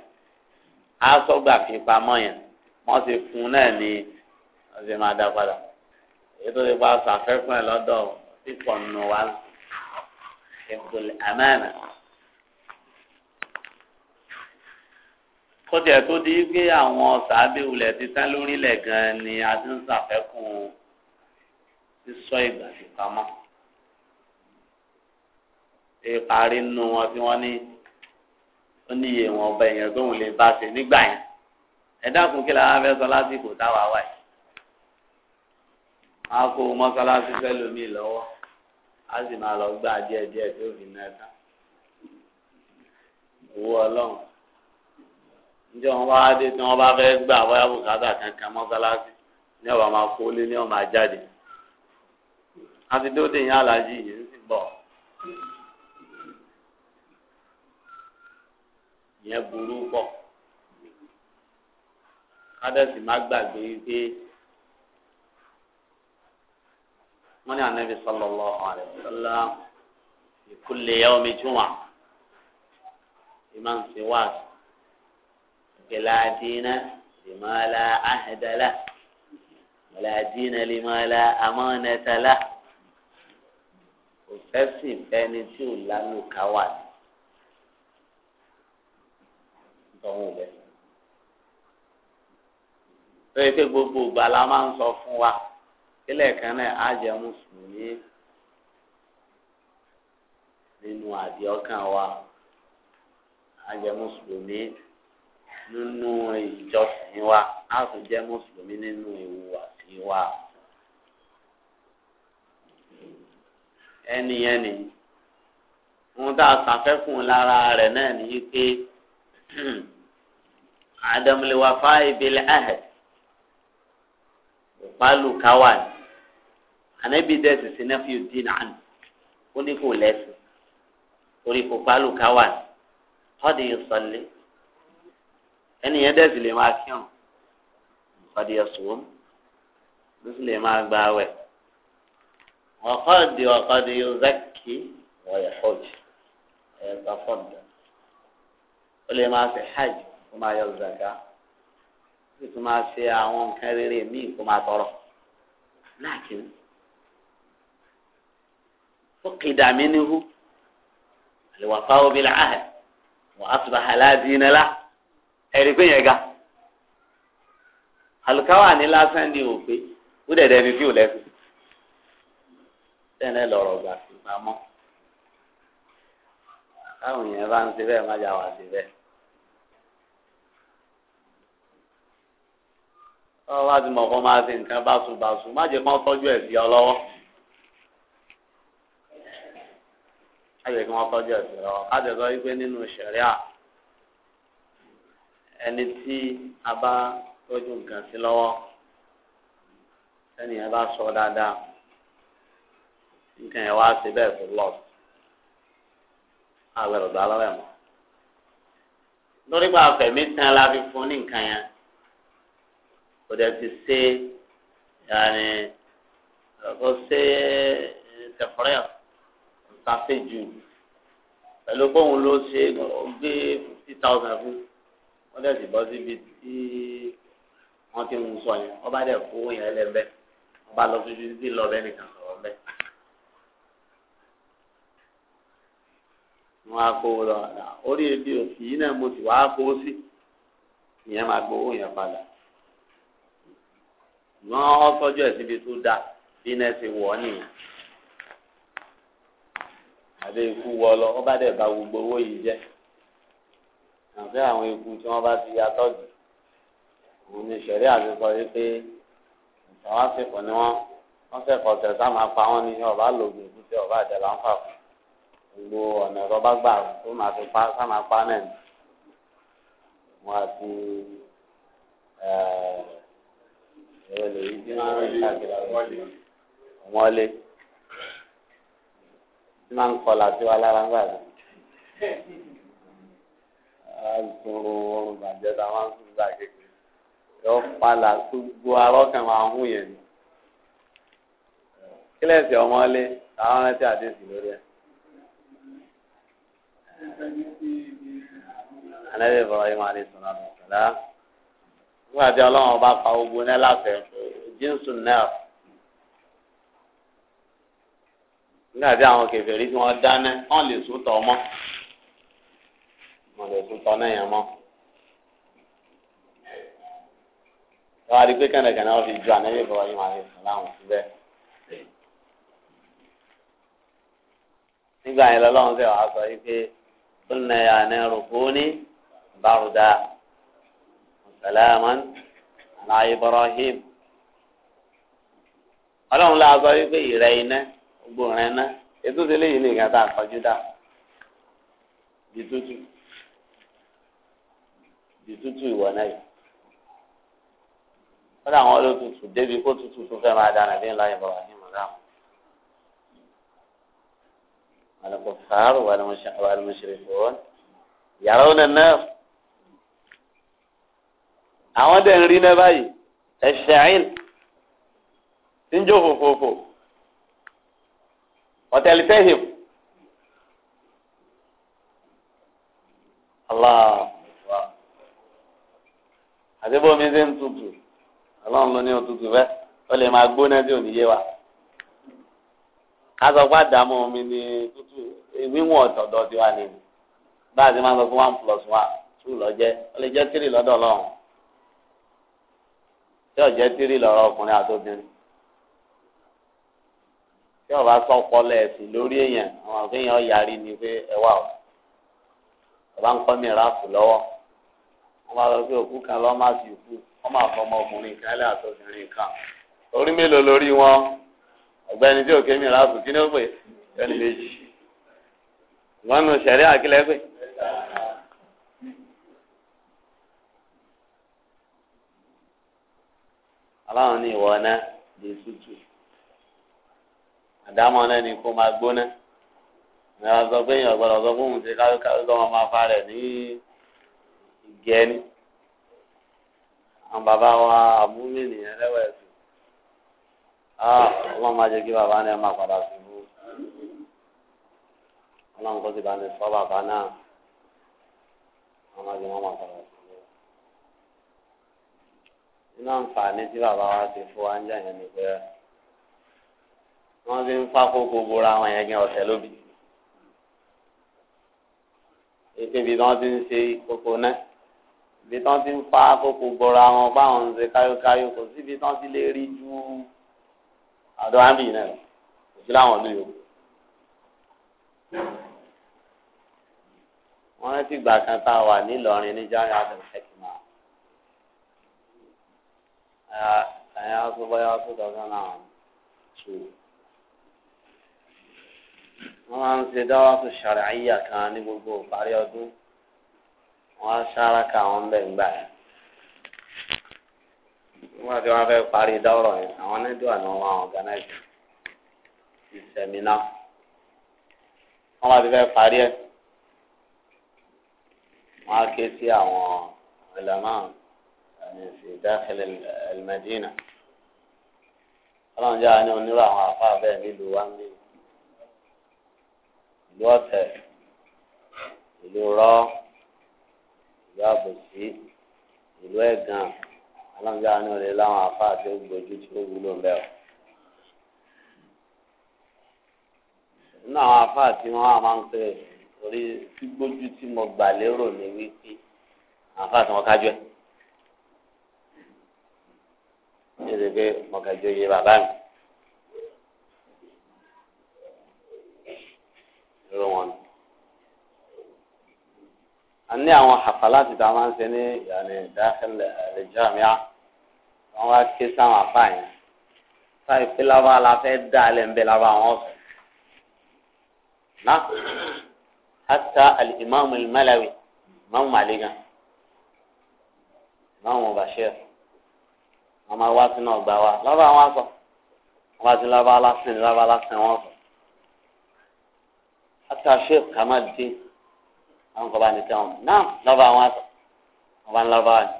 á sọ gbà fi pamọ́ yẹn wọ́n ti fún náà ní ọ̀sẹ̀ máa dá padà èyí tó ti pa sàfẹ́fún ẹ̀ lọ́dọ̀ pípọ̀ nù wá ẹ̀kọ́ àmánà. kọjá tó di pé àwọn sàábéwulẹ̀ ti tán lórílẹ̀ gan ni a ti ń ṣàfẹ́kùn sísọ ìgbà sí pamọ́. ìparí nínú wọn tí wọ́n ní ó ní iye wọn ọba èèyàn tóun lè bá ṣe nígbà yẹn ẹ dákun kí làwọn afẹ́ sọ lásìkò táwa wà yìí. a kó mọ́sálásí fẹ́ lómi lọ́wọ́ a sì máa lọ gbà díẹ̀díẹ̀ tó fi náà tán. owó ọlọ́run njẹ́ wọn bá dé tí wọ́n bá fẹ́ gbà bóyá bùkátà kankan mọ́sálásí ní ọba máa kó lé ní ọba jáde àti dóde yẹn alájí yìí ń sì bọ̀ yẹn burú pọ̀ kádẹ́sì má gbàgbé pé wọ́n ní ànábì sallallahu alaihi wasallam li kulli yawmi jumu'ah ìmáà ń لا دين لما لا عهد له ولا دين لما لا أمانة له òfẹ́sì fẹ́ni tí ò lálùkà wà ní. Tọ́wọ́n bẹ́ẹ̀. Lóye pé gbogbo ìgbà la máa ń sọ fún wa kílẹ̀ kan náà á jẹ́ mùsùlùmí nínú àdìọ́kàn wa á jẹ́ mùsùlùmí nínú ìjọsìn wa á tún jẹ́ mùsùlùmí nínú ìhùwàsí wa. ẹni yẹn ni ohun tá a sàfẹ́kùn lára rẹ̀ náà ní pé àdàmúlẹ̀wàfà ìbílẹ̀ ahẹ̀ òpálùkáwà ni ànábì dẹ́sì sí náà fi òdì náà ó ní kò lẹ́sìn orí kò pálùkáwà ni ọ̀dì yìí sọ̀lẹ́. ẹni yẹn dẹ́sí lè máa kí kírun fàdí ẹ̀sùn ló sì lè máa gba awẹ̀ ọ̀kọ́dì ọ̀kọ́dì yóò zákì wọ̀yẹ̀ hajj ẹ̀ tafọ́dà ó lè máa ṣe hajj kó máa yọ zaka ó sì tún máa ṣe àwọn nǹkan rere míì kó máa tọrọ láàkín ó kìdà mí níhu àlè wàfáwọ́ bí làáhẹ̀ wọ́n á tún bá halá dín iná lá. ẹ̀rí pé yẹn ga àlùkáwà ní lásán ni ò pé ó dẹ̀ dẹni tí ò lẹ́sìn tẹ́lẹ̀ lọ́rọ̀ gbà sí pamọ́ táwọn èèyàn bá ń ṣe bẹ́ẹ̀ má jà wá sí bẹ́ẹ̀. ọ wá ti mọ̀ kọ́ máa ṣe nǹkan báṣubàṣu má jẹ́ kán tọ́jú ẹ̀ sí ọ lọ́wọ́ má jẹ́ kí tọ́jú ẹ̀ sí ọ lọ́wọ́ ká jẹ́ sọ wípé nínú ṣẹ̀ríà ẹni tí a bá tọ́jú nǹkan sí lọ́wọ́ sẹ́ni ẹ bá sọ dáadáa nǹkan ẹ̀ wá sí bẹ́ẹ̀ tó lọ àgbẹ̀rọ̀ gbà lọ́wọ́ ẹ̀ mọ́ lórí pa fẹ̀mí tán la fi fún ní nǹkan yẹn kò dẹ̀ ti ṣe yàrá kò ṣe eh, tẹ̀fọ́rẹ́ ṣàṣejù pẹ̀lú pé ló ṣe gbé fifty thousand fún wọ́n dẹ̀ sì bọ́ síbi tí wọ́n ti ń sọ yẹn wọ́n bá dẹ̀ kó yẹn lẹ́bẹ̀ wọ́n bá lọ síbi tí lọ bẹ́ẹ̀ nìkan sọ̀rọ̀ bẹ́ẹ̀. wọ́n á kó lọ orí ebi òsì yìí náà mo sì wá kó sí ìyẹn máa gbowó yẹn padà wọ́n ọ́ sọ́jú ẹ̀ síbi tó dáa bí iná ti wọ̀ ọ́ nìyẹn àbẹ ikú wọ lọ ọba dẹ̀ bá gbogbo owó yìí jẹ́ àbí àwọn egun tí wọ́n bá ti atọ́jú òun ni ìṣẹ̀rí àbíkọ yìí pé ìtàn ni wọ́n wọ́n kẹ́kọ̀ọ́ tẹ̀ máa pa wọ́n ní ọba lògùn ìdúté ọba àjẹbá ń fà gbogbo ọ̀nà ẹ̀rọ bá gbà tó máa fi pa sá pa náà wọn àti ẹ̀rọ lèyí tí máa ń rìn káàkiri àwọn ọlẹ́ tí máa ń kọlà sí wa lára ń gbà àìsòrò ọrùn bàjẹ́ tá a máa ń sùn gbà kékeré yọ palà gbogbo arọ́kàn máa ń hùn yẹn ni kílẹ̀sì ọmọlé táwọn rántí àdéhùn lórí ẹ̀. Ànábì Ibrahim alayhi salatu wa salam nígbà tí ọlọ́run bá pa ogun náà láfẹ̀ẹ́ jíǹsù náà nígbà tí àwọn kèfèrí tí wọ́n dáná wọ́n lè sún tọ̀ mọ́ wọn lè tún tọ́nà yẹn mọ́. wọ́n á rí pé kẹ́nẹ̀kẹ́nẹ́ wọ́n fi ju ànẹ́bí bọ̀ yín wà ní ìsìláàmù síbẹ̀. nígbà yẹn lọ́lọ́run sẹ́ wàá sọ yìí pé ó nà ẹ̀ àná rògbò ní bàrúdà sàlámán àná Ibrahim. ọlọ́run la sọ yìí pé ìrẹ́ iná gbòòrẹ́ iná ètò ìdílé yìí nìkan tá a kọjú dà bí tútù di tútù ìwọ náà yìí kódà àwọn olótùtù débi kó tútù tó fẹ́ máa dáná bí ńlá ìbọn wàhíì mọ̀láàmù. الكفار والمشركون يرون النار àwọn dẹ̀ ń rí náà báyìí ẹ̀ṣẹ̀yìn tí ń jó fòfòfò ọ̀tẹ̀lifẹ̀hìm allah àti bómi ṣe ń tutù ọlọ́run ló ní òtútù fẹ́ ó lè máa gbóná tí ò ní yé wa ká sọ pé àdàmú omi ní tútù wíwọ̀n ọ̀tọ̀ọ̀dọ̀ tí wà nínú bá a ti máa sọ pé one plus one two lọ́jẹ́ ó lè jẹ́ three lọ́dọ̀ ọlọ́run tí ò jẹ́ three lọ́rọ̀ ọkùnrin àtòbìnrin tí ò bá sọ̀pọ̀ lẹ́ẹ̀sì lórí èèyàn àwọn àfihàn yarí ni pé ẹ wà ó ẹ ń kọ́ mi ráàfù lọ́wọ́ wọ́n máa pé òkú kan lọ́ máa sì kú wọ́n máa fọ ọmọkùnrin kan ilé àtọ́sìnrin kan orí mélòó lórí wọn ọ̀gbẹ́ni tí òkè mi ráàbù kí ni ó pè ẹni méjì wọ́n nu sẹ̀rí àkílẹ̀ pé. aláwọn ní ìwọ náà lè tútù àdámọ̀ náà ni kó máa gbóná ní ọ̀sọ̀ pé èèyàn gbọ́dọ̀ sọ fún òun ṣe káyọ̀káyọ̀ tó máa fa rẹ̀ ní ìgẹ́ni àwọn bàbá wa àmúmi nìyẹn lẹ́wọ̀ ẹ̀sìn ọlọ́run máa jẹ́ kí bàbá náà máa padà ṣubú ọlọ́run kó sì bá ní sọ bàbá náà wọ́n máa jẹ́ wọ́n máa padà ṣubú. nínú àǹfààní tí bàbá wa ti fún wa ń jà yẹn ni pé wọ́n fi ń fákòókò bora àwọn yẹn gẹ́ ọ̀sẹ̀ lóbi. ètò ibi tí wọ́n ti ń ṣe kókó náà ibi tán ti ń fa kókó bọra wọn báwọn ń ṣe káyókáyó kò sí ibi tán ti lè rí ju àdó ábì náà lọ kò sí láwọn ìlú yòókù. wọ́n rántí ìgbà kan tá a wà nílọrin ní jáde àtẹ̀sẹ̀kìmá ẹ̀yà ọ̀sùn bọ́yá ọ̀sùn dọ̀gán náà tù. wọ́n máa ń ṣe dáwọ́ tó ṣàrẹ̀ ní gbogbo ìparí ọdún wọ́n á sára ká àwọn bẹ́ẹ̀ ń gbà yẹn. nígbà tí wọ́n fẹ́ parí dọ́rọ̀ yẹn àwọn onídùúwà ni wọ́n máa ọ̀gánáìsì ìsẹ̀mínà wọ́n bá ti fẹ́ parí ẹ̀ wọ́n á ké sí àwọn ẹlẹ́mọ̀ ẹ̀mẹ̀sì dákẹ́lẹ̀ ẹ̀lmẹ́dínà ọlọ́run jẹ́ àánú onírú àwọn àfáà bẹ́ẹ̀ nílùú wa ń ìlú ọ̀tẹ̀ ìlú rọ́ọ̀ ìlú àbòsí ìlú ẹ̀gàn aláǹgbá ni ò lè láwọn afá àti ògbójú tí ó wúlò ń bẹ̀ ọ́. nínú àwọn afá àti wọn a máa ń pè orí gbígbójú tí mo gbà lérò ní wípé àwọn afá àti wọn kájọ ẹ̀. ṣèlè pé mo kẹjọ iye bàbá mi. lọ́wọ́ ni. أني أنا حفلات دامان سنة يعني داخل الجامعة أنا كيسا ما فاين فاين طيب، في لابا لا فاين دالين بلا با نعم حتى الإمام الملوي ما هو مالي ما هو مباشر أما واسنا وضعوا لابا واسا واسنا لابا لا سنة لابا لا سنة واسا حتى الشيخ كمال الدين àwọn kọba ní tẹ́wọ̀n náà lọ́ba àwọn àtọ̀ ọba ńlọ́ba ni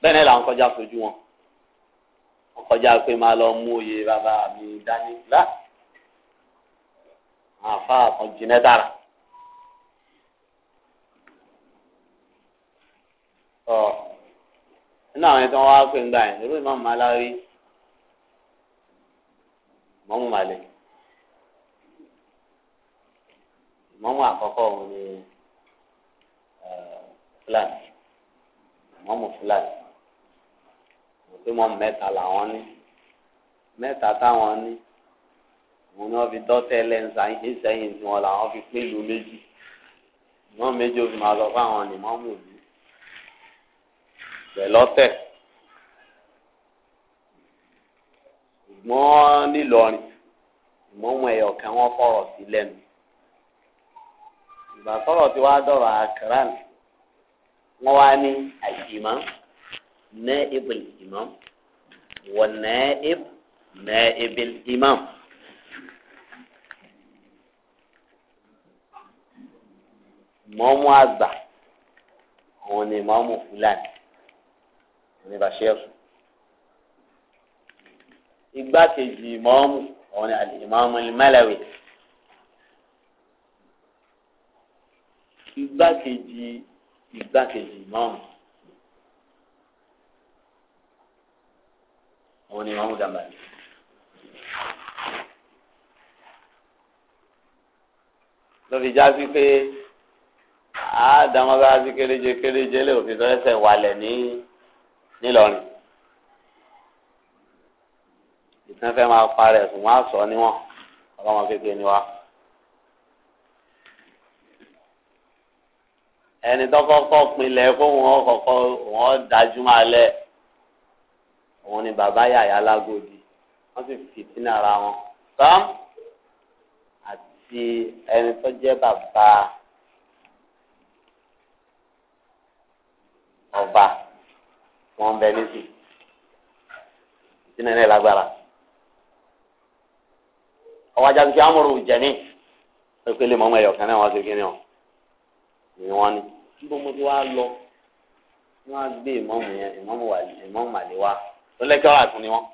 bẹ́ẹ̀ náà làwọn kọjá fojú wọn wọn kọjá pé máa lọ mú oyè bàbá mi dání lá àwọn afá kan jiná dára. nínú àwọn ẹni tí wọ́n wá pè ń gbà yẹn irú ìmọ̀ màláwí mọ́mú màlẹ́. mọ́mú àkọ́kọ́ òun ni fúlàní mọ́mú fúlàní òfin mọ́mú mẹ́ta làwọn ní mẹ́ta táwọn ní òun ni wọ́n fi dọ́tẹ́ lẹ́nsa ìsẹ́yìn tí wọ́n làwọn fi pé ìlú méjì mọ́mú méjì òfin máa lọ fáwọn ní mọ́mú òbí pẹ̀lọ́tẹ̀ ṣùgbọ́n nílọrin ìmọ̀ọ́mù ẹ̀yọ̀kan wọ́n fọ̀rọ̀ sí lẹ́nu ìgbà tọrọ tí wàá dọ̀rọ̀ àkàràn wọn wá ní àìsìmọ ní ibùl ìmọ wọn ní ib ní ibùl ìmọ. mọ́mú àgbà òun ni mọ́mú fúlàní òun ni bàṣẹ́rù igbákejì mọ́mú òun ni àlè mọ́mú mẹ́lẹ̀wì. igbákejì igbákejì mọ́ọ̀mù. òun ni mọ́mú dàmbà yìí. lórí já sí pé àádámọ́ bá sí kéréje kéréje lè òfin fẹ́sẹ̀ wálẹ̀ ní nílọrin. ìtàn fẹ́ máa parẹ́ ẹ̀sùn wọn á sọ níwọ̀n ọlọ́mọ kékeré ni wá. ẹni tó kọ́kọ́ pinlẹ̀ kó wọn kọ́kọ́ wọn dájú máa lẹ̀ òun ni bàbá yàyà lágòdì wọ́n sì fìtínà ara wọn sọ́m àti ẹni tó jẹ́ bàbá ọba wọn bẹ nísì ìtìnà ilẹ̀ lágbára ọwọ́ ajá ti fi amúrú jẹ̀mí pé pé lè mọ́ náà wọ́n ti kí ni o ni wọ́n ní lọ wọ́n á gbé ìmọ̀mù yẹn ìmọ̀mù wà ìmọ̀mù àlè wá ó lẹ́kẹ́ ọ̀rà tún ni wọ́n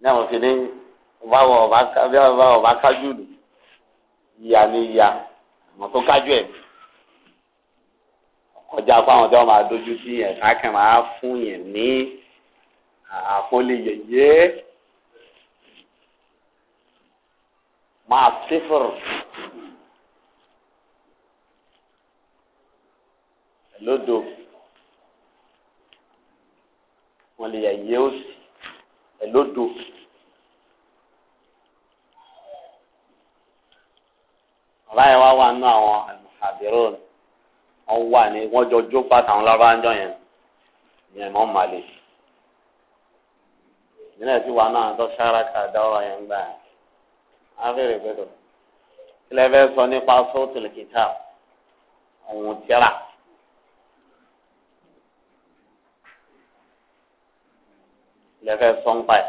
ní àwọn òfin ní ọba ọba ọba kájú lù ìyá ni ìyá àmọ́ tó kájú ẹ̀ kọjá fáwọn tí wọ́n máa dojú sí yẹn káàkiri máa fún yẹn ní àpọ́nlé yẹ̀yẹ́ máa sífòrò. lódò wọn lè yàyẹ òsì ẹlódò bàbá yẹn wá wà nù àwọn àbíròn wọn wà ní wọn jọ jó pàtàkì àwọn lábàájọ yẹn yẹn mọ màlè nínú ẹsìn wà náà tó sáraka dáwọ yẹn gbà yẹn á fèrè pẹ̀lú kílẹ̀ sọ nípa sóòtù kìtà ohun tíra. lẹ́fẹ̀ sọ́ńpa ẹ̀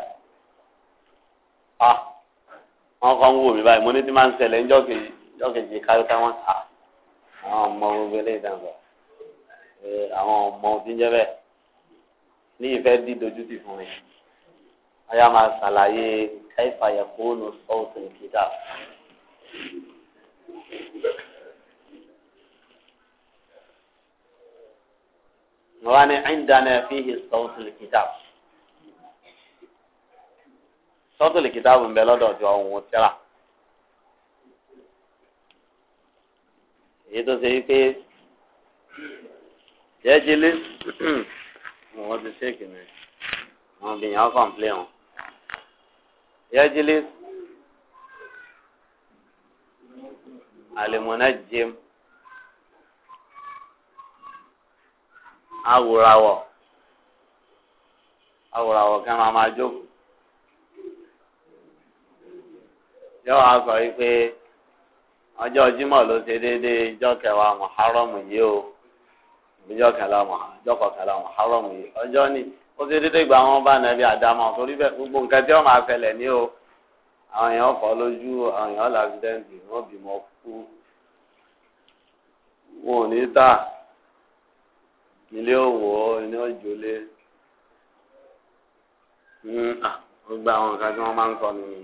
a ah, wọ́n kàn ń wò mí báyìí mo ní ti máa ń ṣẹlẹ̀ ńjọ́ kejì ńjọ́ kejì káríká wọn a ah, àwọn ọmọ gbogbo eléyìí dàn bọ̀ àwọn ọmọ òbí jẹ́ bẹ́ẹ̀ ní ìfẹ́ dídojú ti fún mi wọ́n yá máa ṣàlàyé káìfà yẹ̀kúnù sọ́ọ̀tù ìkìtà. wọ́n á ní ẹ̀ńdánẹ́ fíhì sọ́ọ̀tù ìkìtà sọ́tò lè kìtàbù ń bẹ lọ́dọ̀ tí wọ́n wọ́n tẹ́ra. èyí tó ṣe wípé jẹ́jẹ́lé wọ́n ti ṣe kìnnì wọ́n bí yàn kọ̀ǹplé wọn. jẹ́jẹ́lé àlèmọ́nà jẹun awòràwọ̀ awòràwọ̀ kan máa máa jókòó. yóò wá sọ wípé ọjọ́ Jímọ̀ ló ṣe déédéé ìjọ kẹwàá Muharram yìí o ìjọ kẹlá ọjọ́ kọkànlá yìí ọjọ́ ni ó ṣe déédéé ìgbà wọn bá nàbí àdámọ̀ torí bẹ́ẹ̀ gbogbo nǹkan tí wọ́n máa fẹlẹ̀ ní o àwọn èèyàn fọ́ lójú àwọn èèyàn làbídẹ́ǹtì wọ́n bímọ kú wọn ò ní tà ilé òwò ilé òjòlé hmm, ah, gbogbo àwọn nǹkan tí wọ́n máa ń sọ nìyí.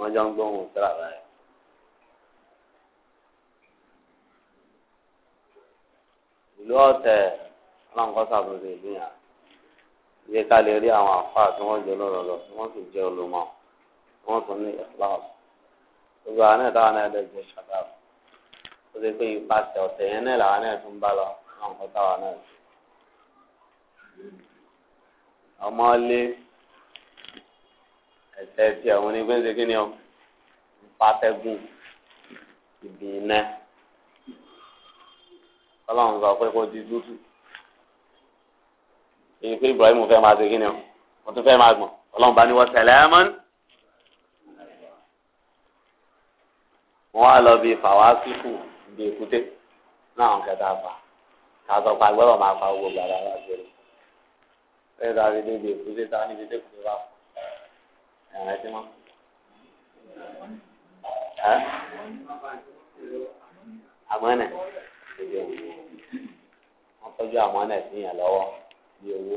wọ́n jọ ń gbóhùn síra báyìí. ìlú ọ̀tẹ̀ ọlọ́nkọ́ sàbòsí ìlú yàn yẹ ká lè rí àwọn àfáà tí wọ́n jẹ lọ́rọ̀ lọ tí wọ́n sì jẹ́ olùmọ̀ wọ́n tún ní ìfúláwọ̀ gbogbo àwọn náà táwọn náà lè jẹ ṣàdáà ó ti pé ipasẹ̀ ọ̀tẹ̀ yẹn náà làwọn náà tún bá lọ ọlọ́nkọ́ táwọn náà ọmọ lé ẹsẹ̀ tí àwọn onígbẹ́nsẹ̀ kí ni ọ pàtẹ́gùn ìbí iná ọlọ́run sọ pé kó di dúdú èyí pé Ibrahim fẹ́ máa ṣe kí ni ọ wọ́n tún fẹ́ máa gbọ̀n ọlọ́run bá ní wọ́n tẹ̀lé ẹ mọ́ni. wọ́n á lọ bíi fàwáṣíkù bíi èkúté náà ń kẹta fà kàtọ́ pa gbọ́dọ̀ máa fa owó gbàdá wá gbèrè. ṣé ìdájọ́ bíi èkúté ta níbi tẹ́kùté bá fà ẹ̀rọ ẹ̀sìn mọ́. àmọ́nà ìdí òwò wọ́n tọ́jú àmọ́nà ẹ̀sìn yẹn lọ́wọ́ bí owó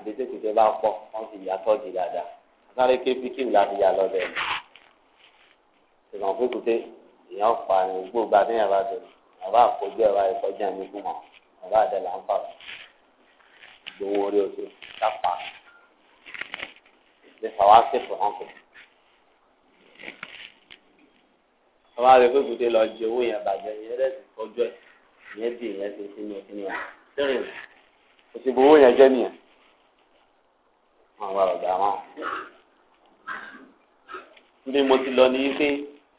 ìdí tí kìtẹ́ bá pọ̀ wọ́n fi yà tọ́jú dáadáa sáré ké pikin láti yà lọ́dẹ̀ ni ìgbà pé kùtẹ́ èèyàn pa gbogbo gba ní ẹ̀rọ àdéhùn bàbá àkójọ ẹ̀rọ ìkọjá ní kùmọ̀ bàbá àdéhùn àǹfààní gbowó orí oṣù kápá. لفواصف عنقه ọba rẹ pé gùdé lọ jẹ owó yẹn bàjẹ́ yẹn lẹ́sìn tọ́jú ẹ̀ yẹn bì yẹn ti sínú ìpínlẹ̀ yẹn sẹ́rìn òsìbò owó yẹn jẹ́ nìyẹn wọn wà ọ̀gá wọn. bí mo ti lọ ní pé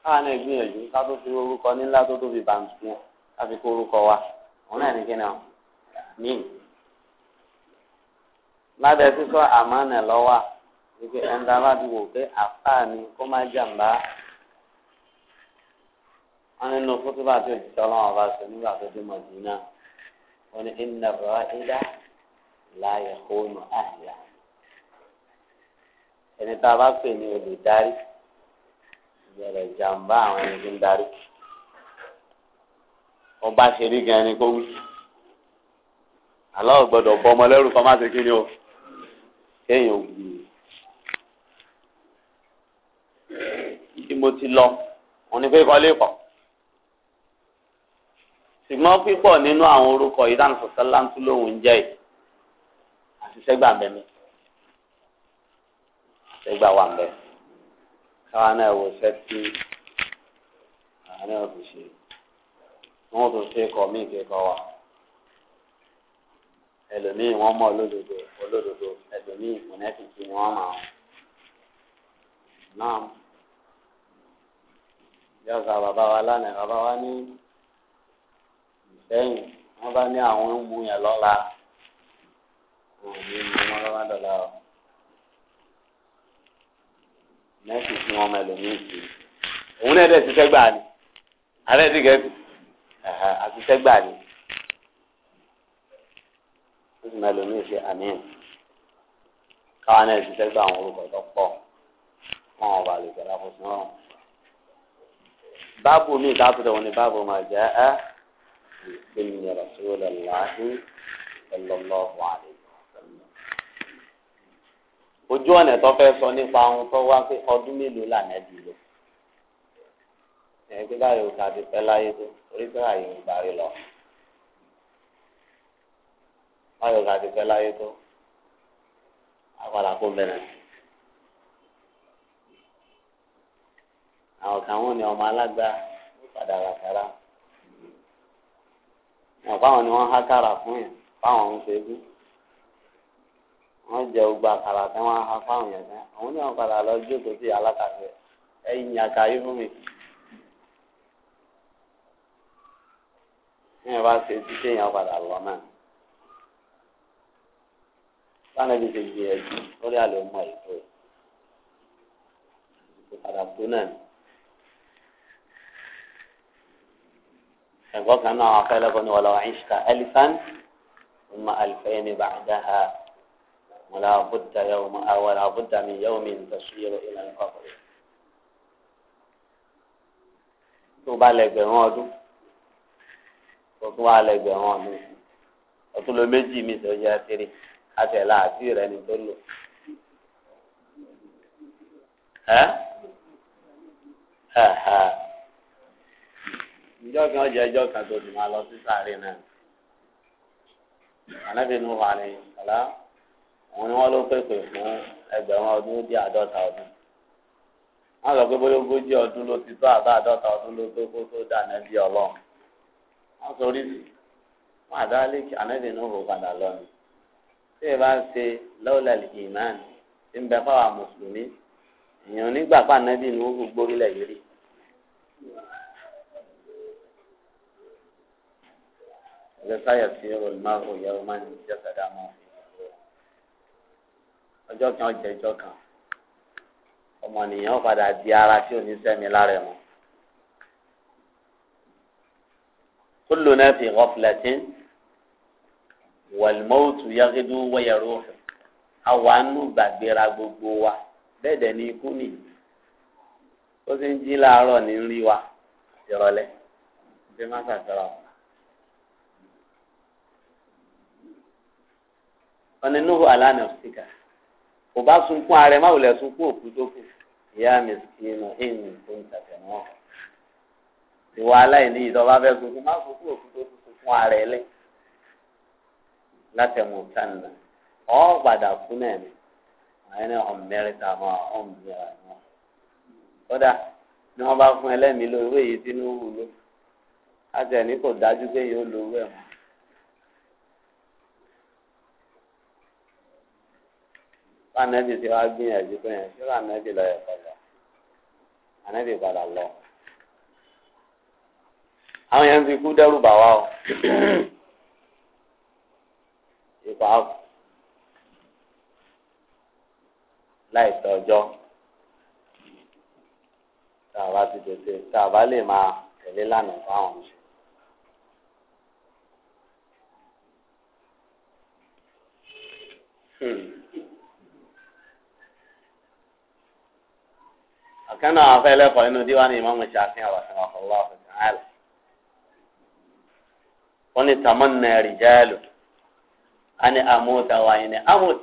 káàánú ìgbìyànjú ká tó fi orúkọ nílá tó tóbi bàǹtì yẹn ká fi kó orúkọ wa òun náà ní kí ni ọ mí. lábẹ́ sísọ àmọ́ nà lọ́wọ́ wípé ẹnìta aládùúgbò pé àfáà ni kó má jàǹbá wọn nínú kótópà tó jìtọ́ ọlọ́wọ́n bá sọ nígbà tó dé mọ̀jìnà wọn ni ìnà rọ̀ ìdá láyé kóònù àhìlá ẹni tá a bá pè ní olùdarí ìbẹ̀rẹ̀ jàǹbá àwọn ẹni tó ń darí wọn bá ṣe rí gan ni kó wí àlọ́ gbọ́dọ̀ bọ́ ọmọ lẹ́rù kọ́ má ṣe kí ni o kéèyàn gbìyànjú. mo ti lọ òun ni pé kọ́lé pọ̀ ṣùgbọ́n pípọ̀ nínú àwọn orúkọ yìí dáhùn sọ̀tẹ́ láńtú lòun jẹ́ yìí àṣìṣe gbà mẹ́mi àṣìṣe gbà wà mẹ́mi káwa náà wò sẹ́tì àwọn náà fi ṣe wọn tó ṣe kọ mí kékọ wa ẹlòmíì wọn mọ olódodo olódodo ẹlòmíì mọ̀nẹ́tìkì ni wọ́n máa náà yọ̀ọ̀sà bàbá wa lánàá bàbá wa ní ìsẹ́yìn wọ́n bá ní àwọn ń mu yẹn lọ́la òní mu wọn lọ́wọ́ dọ̀la o mẹ́sì tí wọ́n mẹ́lò ní ìsì òun náà dẹ̀ ṣiṣẹ́ gbà ni alẹ́ ti gẹ̀ẹ́sì àṣiṣẹ́ gbà ni ó sì mẹ́lò ní ìsì àmín káwọn náà ṣiṣẹ́ gbà àwọn olùkọ́ tó pọ̀ wọn ò bá lè gbàdá fún sí wọn báàbù mi ìdáàbò tó wọn ni báàbù máa jẹ́ ẹ́ ìpinnu Rasulullahi sallallahu alaihi wasallam. ojú ọ̀nà tó fẹ́ sọ nípa ohun tó wá pé ọdún mélòó lànàbí lò ẹ̀ pé báyìí ò tàbí pẹ́ láyé tó orí pé àyè ń gbárí lọ báyìí ò tàbí pẹ́ láyé tó àpàlà kó bẹ̀rẹ̀ sí. àwọn kan wọn ni ọmọ alágbá padà ràkàrà wọn fáwọn ni wọn há kára fún yẹn fáwọn ń ṣe bí wọn jẹ ogba àkàrà tí wọn há fáwọn yẹn tán àwọn ni wọn padà lọ jókòó sí alákàtẹ ẹ̀yìn àkà yìí fún mi. ní ẹ bá ṣe títí èèyàn padà lọ náà báwọn ẹbí ṣe gbìyànjú lórí àlè ọmọ ètò ìpadà tó náà ni. ẹ̀gbọ́n kan náà afẹ́ lẹ́kọ̀ọ́ ni wàlá wàhín ṣìkà ẹlifán ọmọ àlùfẹ́yẹ́ ni bàdá ha wàlá àbúdà yẹ ọmọ àwàlá àbúdà mi yẹ omi ìtọ́síyẹ ìlànà kọ̀ọ̀kan. tó bá lẹ́gbẹ̀rún ọdún tó tún wá lẹ́gbẹ̀rún ọdún ọtún lọ méjì mi sọ yẹ tiri àtẹlá àti rẹ ni tó lò ẹ ẹ ẹ ìjọ kan jẹ́ ìjọ kan tó ti máa lọ sí sáré náà anábìnú wà ní ọ̀la òun ni wọ́n ló pèpè fún ẹgbẹ̀rún ọdún ó di àádọ́ta ọdún wọ́n sọ pé bólógójì ọdún ló ti tó àbá àádọ́ta ọdún ló tó kó tó dà nẹ́bí ọlọ́run wọ́n sọ orí sí wọ́n àdá lẹ́kì anábìnú wò padà lọ ni tí ẹ bá ń ṣe lọ́wọ́lẹ̀ ìmán tí ń bẹ fáwọn mùsùlùmí èèyàn nígbà pàǹdẹ́bìnú gbogbo orílẹ̀ yìí rí. ìjọba yẹ fi rò márùn yẹwò máa ní ìjọba dá mọ ọjọ́ kan ọjọ́ ìjọ kan ọmọnìyàn padà di ara tí ò ní sẹmi lára ẹ mọ kullu náà fi ghaflatin wal mawtu yagidu wa yaruh gbàgbéra gbogbo wa bẹ́ẹ̀ dẹ̀ ni ikú nìyí ó ti ń jí láàárọ̀ ní rí wa ìrọ̀lẹ́ ṣé má ṣàṣàrà o. wọn ni nuhu alana sika kò bá sunkún ara ẹ má wulẹ̀ sunkún òkú tó kù ìyá mi sì ń lọ ẹ̀yìn tó ń tàbí wọn ìwà aláìní ìdọ́ba fẹ́ sunkún má sunkún òkú tó kù sunkún ara ẹ lẹ́yìn látẹ̀mú kánà ọ̀ padà kú náà ni àyẹ̀nì ọ̀mẹ́rìtà máa ọ̀mẹ́rà náà kódà ni wọ́n bá fún ẹlẹ́mìí lórí èyí tí ní wúlò àti ẹ̀ ní kò dájú pé yóò lo owó ẹ̀ mọ́. anabi ti wá gbìyànjú pé yẹn ṣé anabi lọ ẹ̀kọ́ lọ anabi padà lọ. àwọn yẹn ń fi ikú dẹ́rù bà wá o ipa láì tọ́jọ́ tá a bá ti tètè tá a bá lè máa tẹ̀lé lánàá fáwọn ọ̀hún. Hmm. Kana náà afẹ́ lẹ́kọ̀ọ́ nínú díwáni ní tamanna rìjálù á ní àwọn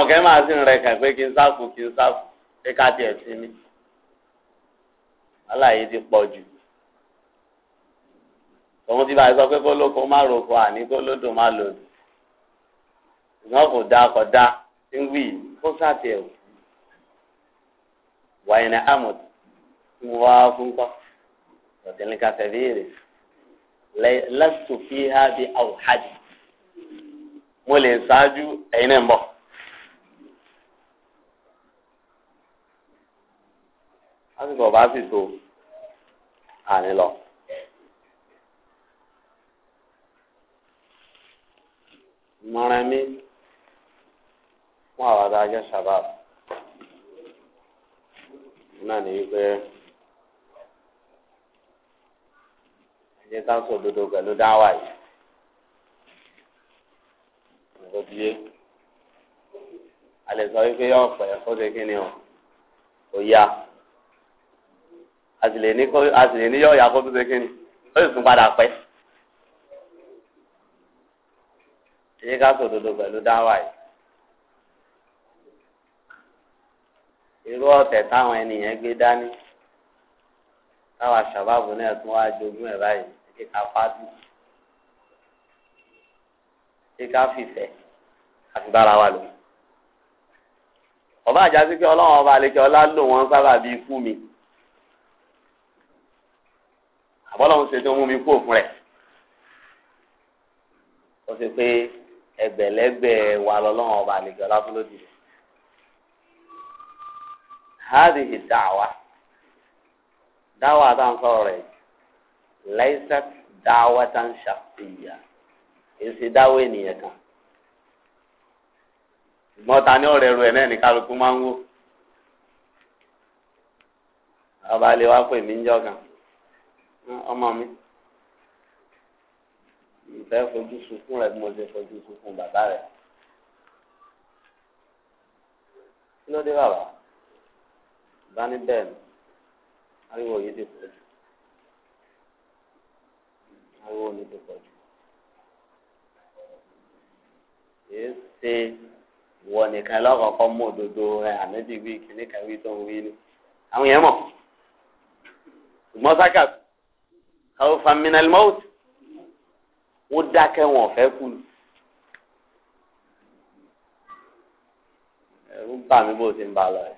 ọ̀gá máa sì rẹ kàn pé kí n sáfù kí n sáfù pé ká tiẹ̀ sí mi ti pọ̀ jù ti sọ pé kó lóko má roko àní kó ń wí kó sáàtì ẹ̀wò wàyẹnẹ amòt tí mo wá fún kọ́ ọ̀tẹ̀lẹ́ka fẹ̀bíìrì lẹ́sù fi ha bí mo le saju ẹ̀yin náà ń bọ̀. lásìkò fún àwọn adájọ́ sábàb náà ní ikpe ẹ̀jẹ̀ tá sọ dodo pẹ̀lú dáwà yìí nǹkan ti yé a sọ wípé yọ ṣe kí ni o kò yá a ní yọ irú ọ̀tẹ̀ táwọn ènìyàn gbé dání táwa ṣàbábù náà tún wá jogún ẹ̀ báyìí kíka fádù kíka fìfẹ́ àti bára wa lò. ọba àjásí pé ọlọ́run ọba àlejò ọlá lò wọ́n sábà bíi ikú mi àbọ́lọ́run ṣe tó mú mi kú òfin rẹ̀ ó ṣe pé ẹgbẹ̀lẹ́gbẹ̀ wà lọ́lọ́run ọba àlejò ọlá tó lódì. هذه الدعوة دعوة تنصري ليست دعوة شخصية èsì dáwọ́ ènìyàn kan mọ́ta ní ọ̀rẹ́ ru ẹ̀ náà ní kálukú máa ń wò ọba lè wá pè mí ń jọ́kan ọmọ mi ìfẹ́ fojú sunkún rẹ̀ bí mo ṣe fojú sunkún bàbá rẹ̀ kí ló dé bàbá bá ní bẹ́ẹ̀ ni ariwo yìí ti pọ̀ jù ariwo yìí ti pọ̀ jù èyí ṣe ìwọ nìkan lọ́kọ̀ọ́kọ́ mú òdodo rẹ ànábì wí kíní kan wí tó ń wí ni àwọn yẹn mọ̀ ṣùgbọ́n sákàtú àwọn faminal mọ́ọ̀tì wọ́n dákẹ́ wọn ọ̀fẹ́ kù ń bà mí bó ti ń bà lọ ẹ̀.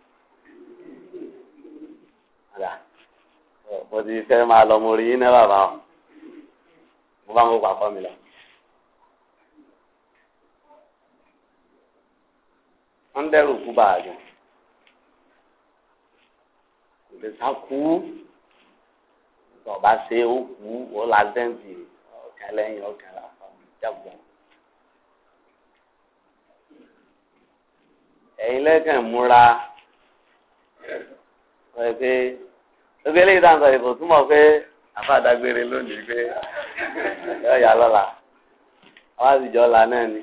mo fẹ́ máa lọ mo yín náà bàbá o mo bá mo pa fọ́ mi lọ. wọ́n dẹ́rù kú bàjẹ́ kò lè sá kú ọba ṣe ó kú ó la dẹ́ǹtì ọ̀kan lẹ́yìn ọ̀kan la fọ́ mi jágbọ́n. ẹ̀yin lẹ́kàn múra wọ́n yẹ pé gbogbo eléyìí dáhùn sọ̀rọ̀ ìbò túmọ̀ pé àfàdàgbére lónìí pé yọ yà lọ́la àwọn àtijọ́ la náà ni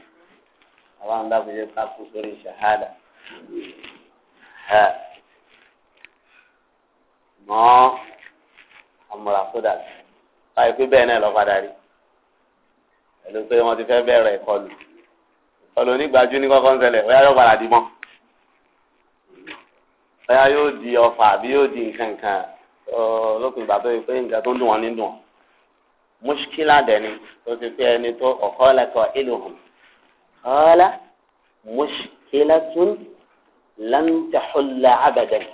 àwọn àǹdàkùnjẹ ká kú sórí ṣàhádà mọ́ àmúra kódà báyìí pé bẹ́ẹ̀ náà lọ́ padà rí pẹ̀lú pé wọ́n ti fẹ́ bẹ̀rẹ̀ ìkọlù ìkọlù onígbàjú ní kọ́kọ́ ń ṣẹlẹ̀ ó yára padà dì mọ́ bóyá yóò di ọfà àbí yóò di nǹkan kan lópin ìgbà tó yẹ pé nǹkan tó ń dùn wọn ní dùn mùsùkìlà dẹni tó ti pé ẹni tó ọ̀kọ́ lẹ́kọ̀ọ́ ìlúhùn ọ̀ọ́lá mùsùkìlà tún lẹ́ńtẹ̀hùlà abadan.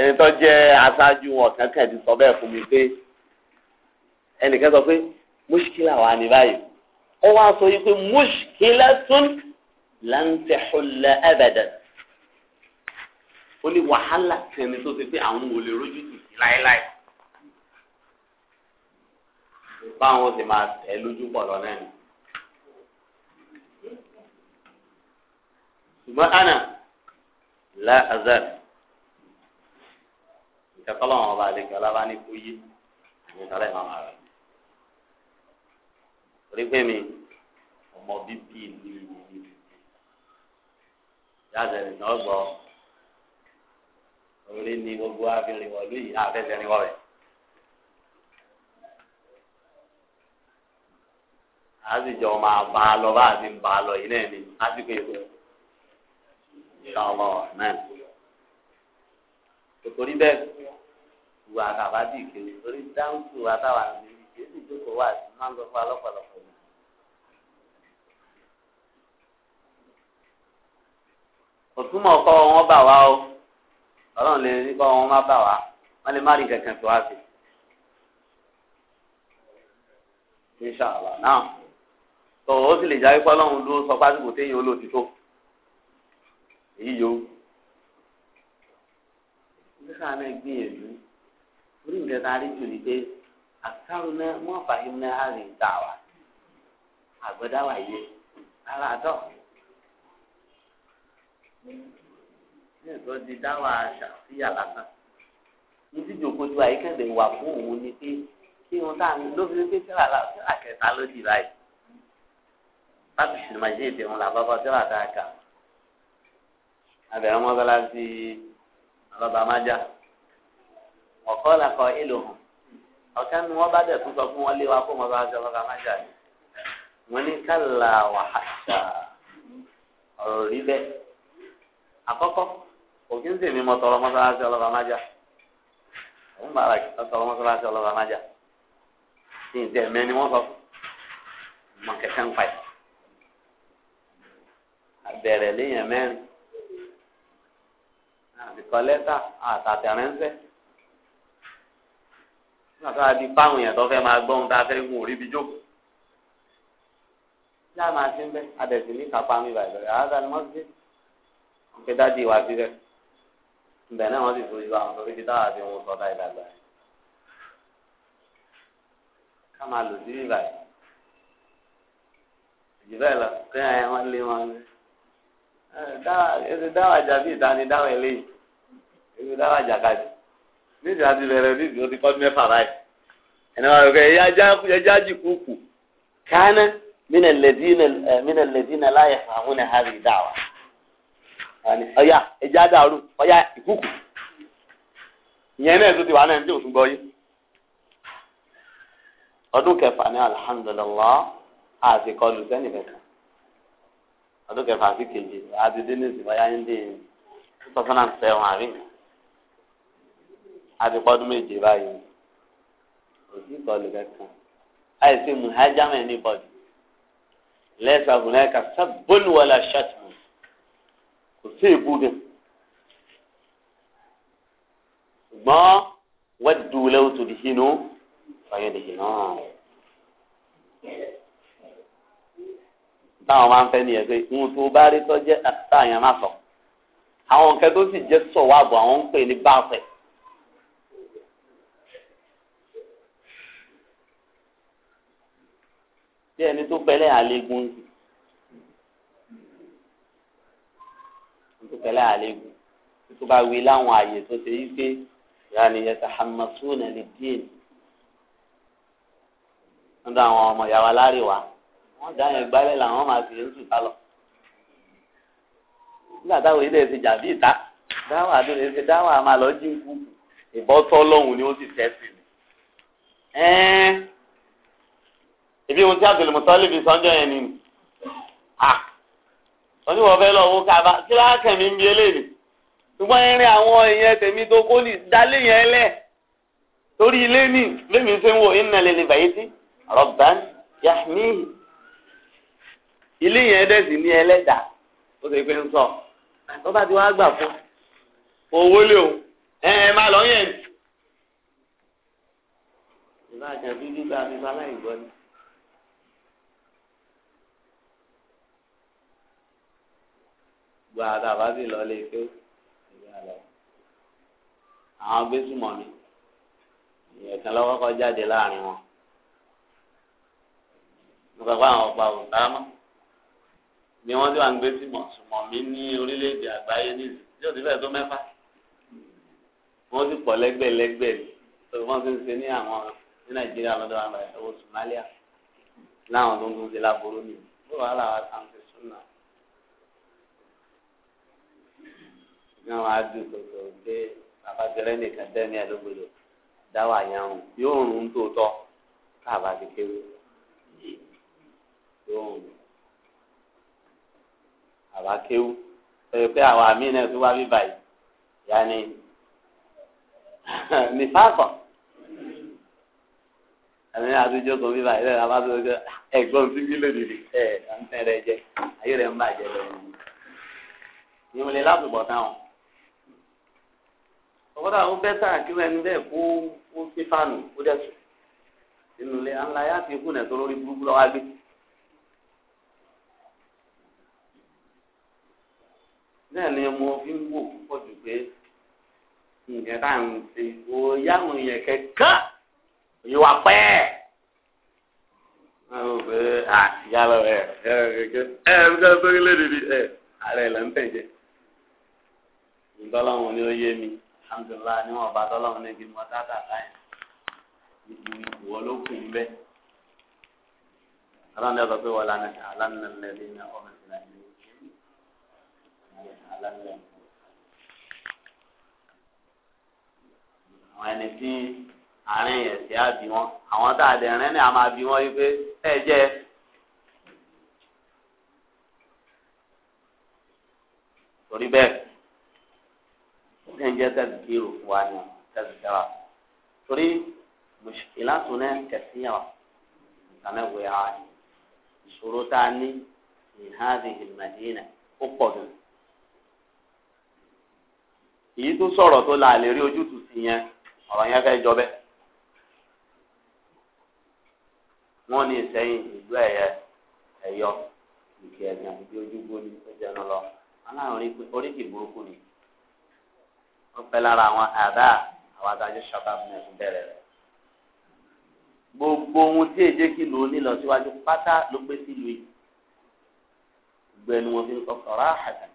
ẹni tó jẹ́ aṣáájú wọn ti sọ bẹ́ẹ̀ fún mi pé ẹnìkan sọ pé mùsùkìlà wà ní báyìí ó wá sọ yìí pé mushkilatun lan tahulla abadan ó ní wàhálà kan ni tó ṣe pé àwọn ò lè rójú tì sí láéláé báwọn sì máa tẹ̀ lójú pọ̀ lọ́nà ni. ṣùgbọ́n ana la azar nǹkan tọ́lọ́wọ́n ọba àlejò alábá yé àwọn ìtàlẹ́ máa torí pé mi ọmọ bíbí ìlú ìlú yàtọ̀ ìrìnà ọgbọ orí ni gbogbo abìnrin wọlú yìí àfẹsẹ̀rin wọlé. àtijọ́ máa bá a lọ bá a ti ń bá a lọ yìí náà ni lásìkò ìwé ìṣàlọ náà. torí bẹ́ẹ̀ wù àtàbádìí kiri torí dáńkù àtàwà ni kì í sì jókòó wá sí máa ń lọ fún alọ́pàlọpọ̀ mi. òtúmọ̀ kọ́ wọn bà wá o ọlọ́run lè ní kọ́ wọn má bà wá wọ́n lè má rí kankan tó wá sí. inṣàlá náà tó o sì lè já wípé ọlọ́run ló sọ pásítọ̀ téèyàn olóòtítọ́ èyí yòó nígbà náà gbìyànjú orí nǹkan rí jù ní pé. أكثرنا ما فهمنا هذه الدعوة أبدا وهي على ضغط nígbà tí dáwà ṣàfihà lásán ní tí jòkójú àyíkéde wà fún òun ni pé kí wọn tá à ń ló fi pé tíra tíra kẹta ló di báyìí láti sinimá yé èdè wọn làbábọ tíra tá a kà abẹ́rẹ́ mọ́tọ́lá sí ọlọ́ba májà ọ̀kọ́ làkọ èlò hàn ọ̀kan ni wọ́n bá dẹ̀ tún sọ fún wọn lé wa fún wọn bá jọ wọn bá má jà ní. wọ́n ní kálá wàhásà ọ̀rọ̀ rí bẹ́ẹ̀. àkọ́kọ́ òkè ń sì ní mo tọrọ mọ́sálásí ọlọ́ba má jà òun bàrà kí wọ́n tọrọ mọ́sálásí ọlọ́ba má jà. ní ìtẹ̀ mẹ́ni wọ́n sọ fún mọ kẹ̀kẹ́ ń pa ẹ̀. àbẹ̀rẹ̀ léèyàn mẹ́rin àbíkọ́ lẹ́tà àtàtẹ̀rẹ́ńsẹ́ nígbà tó a di fáwọn èèyàn tó fẹ́ máa gbọ́ ohun tá a fẹ́ gun òrí bí jókòó. yá máa ti ń bẹ́ adẹ̀sí ní kápá mi bàjẹ́ rẹ̀ àwọn àgbà ni wọ́n ti dájú ìwà síbẹ̀ ìbẹ̀ náà wọ́n sì fojú àwọn tó fi dáhà sí ohun sọ́dá ìdàgbà rẹ̀. ká máa lò sí bíbà yìí bẹ́ẹ̀ lọ pé ẹ wọ́n lé wọn ní. ẹ ti dáwà jà bí ìta ni dáwà eléyìí ebi dáwà jà kájú níbi àti bẹ̀rẹ̀ bíbí o ti kọ́ mẹ́fà báyìí ẹni wàá rẹ̀ ẹja jìkúkù kánà mínà lẹ́dínà láyé àwọn ẹ̀hárì dáwà ọ̀yà ẹja dàrú ọ̀yà ìkúkù ìyẹn náà tó ti wà náà ní òsùn gbọ́ yìí ọdún kẹfà ní alihamudulilá àtikọlù sẹ́nìkẹ̀kẹ́ ọdún kẹfà sí kejì àti dínísì báyà ń dín two thousand and àríyìn àfikọ́dún méje báyìí òsì ìkọlù kankan àìsí muhajama ẹni bọ̀dù lẹ́sà hùnẹ́ka sábónúwọlá ṣàtìmù kò sí ìbúdè ṣùgbọ́n wọ́n dùlẹ̀ oṣù dìhínú ọ̀yọ́ dìhínú táwọn máa ń fẹ́ nìyẹn pé ohun tó bá rí tọ́jẹ́ àti táyà máa sọ àwọn nǹkan tó sì jẹ́ sọ̀wọ́ àbọ̀ àwọn ń pè ní báfẹ́. bí ẹni tó pẹ̀lẹ́ àlégun sí tó pẹ̀lẹ́ àlégun tó bá wí láwọn àyè tó ṣe yí pé ìyáni yẹn sàhámasúnà lè dín nígbà àwọn ọmọ ìyá wa láre wa wọn dá yẹn gbálẹ̀ làwọn máa fi ń sùtá lọ nígbà táwọn ilé ti jà bí ìta dáwà àdúrà ṣe dáwà máa lọ jí ń ìbọ́tọ́ lọ́hùn ni ó sì fẹ́ sí i ibi ohun tí abdulmutalibi sọ́njọ́ yẹn ni wọ́n ní wọ́n fẹ́ lọ wo kaba kí ló hàn mí ń bi eléyìí ṣùgbọ́n irin àwọn èèyàn tèmi tó kó ní dálé yẹn lẹ̀ torí ilé ní lémi ṣe ń wo iná lele bàyẹ́tì rọ̀bán yahmihi ilé yẹn dẹ̀sí ní ẹlẹ́dà ó ṣe pé ń sọ tó bá ti wá gbà fún owó lé o ẹ ẹ máa lọ yẹn. ìbá àjàbí gbígbà mi máa láì gbọ́ ni. gba àdàbà sí lọlé ike ìgbà lọ àwọn gbésùmọ̀ mi ìyẹn kan lọ́wọ́ kọ́ jáde láàrin wọn nípa pé àwọn ọba ò tá mọ́ ni wọ́n ti wà ń gbésùmọ̀ sùmọ̀ mi ní orílẹ̀-èdè àgbáyé nílùú yóò ti fẹ́ tó mẹ́fà wọ́n ti pọ̀ lẹ́gbẹ̀lẹ́gbẹ̀ ni wọ́n ti ń ṣe ní àwọn ní nàìjíríà lọ́dọ̀ àwọn ẹ̀wọ̀ Somalia láwọn tó ń tún ṣe láboró nìyí ló wàhálà wa ta ń ṣe ní àwọn adùn kòtò pé abajẹrẹ nìkan dẹ́ni àdógbòdò dáwà yẹn yóò rún tòótọ́ káàbà kékeré yóò rún àbá kéwú ẹ pé àwọn àmì náà tó wá bí báyìí yanni nífàkọ̀ àmì àdújọ kò bí báyìí lẹ́nu àbá tó ń gbé ẹ̀gbọ́n tí wílò nìyí ẹ̀ ẹ̀ ń tẹ̀lé jẹ ayé rẹ̀ ń bàjẹ́ lọ́wọ́ ni mo lè lábùbọ̀ táwọn ọ̀pọ̀lọpọ̀ àwọn bẹ́tà kíwọ́ ẹni bẹ́ẹ̀ kó kó sí kó dẹ̀ sùn ilé ńlá yá ti kún ẹ̀tọ́ lórí burúkú lọ́wọ́ agbé. bẹ́ẹ̀ ni mo fi ń wò púpọ̀ jù pé nǹkan tá à ń ṣe o yáwọn èèyàn kẹ̀kẹ́ òye wa pẹ́ ẹ̀. àwọn òbí àtìyá lọ ẹ̀ ẹ̀ kẹ̀kẹ́ ẹ̀ ẹ̀ bí wọ́n fẹ́ lé dìde ẹ̀ ààrẹ là ń tẹ̀jẹ̀. ǹdọ́lá wọn ni ó yé alhamdulilayi ni wọn bá tọ́lọ́mù ní kí n mọ tata láyìn ìdí ìwọ ló kù ń bẹ. aláǹ dàgbà pé wọ́n lánà aláǹ nà lẹ́lẹ́ ní ọmọ ìlà ìlú aláǹ lẹ́lẹ́. àwọn ẹni tí àárín yẹn sí àbí wọn àwọn tá a dẹ̀ rẹ́ ni a máa bí wọn yí pé ẹ jẹ́ ẹ. torí bẹ́ẹ̀. ní ẹ̀jẹ̀ tẹ̀síkìrù fún wa ní tẹ̀síkìrà torí mùsùlùmí tún náà kẹsíyàn kàmẹ́ wẹ̀ ha ní ìhádìí ìmàdínà ó pọ̀ jù èyí tó sọ̀rọ̀ tó la lè rí ojútùú sí yẹn ọ̀rọ̀ yẹn fẹ́ jọ ẹ̀yọ ọpẹ́ lára àwọn àdá àwọn adájọ́ sábàbù náà tún bẹ̀rẹ̀ rẹ̀ gbogbo ohun tí èdè kìlò onílọsíwájú pátá ló gbé sílùú yìí gbogbo ẹni wọn fi ń sọkọrọ àhàdà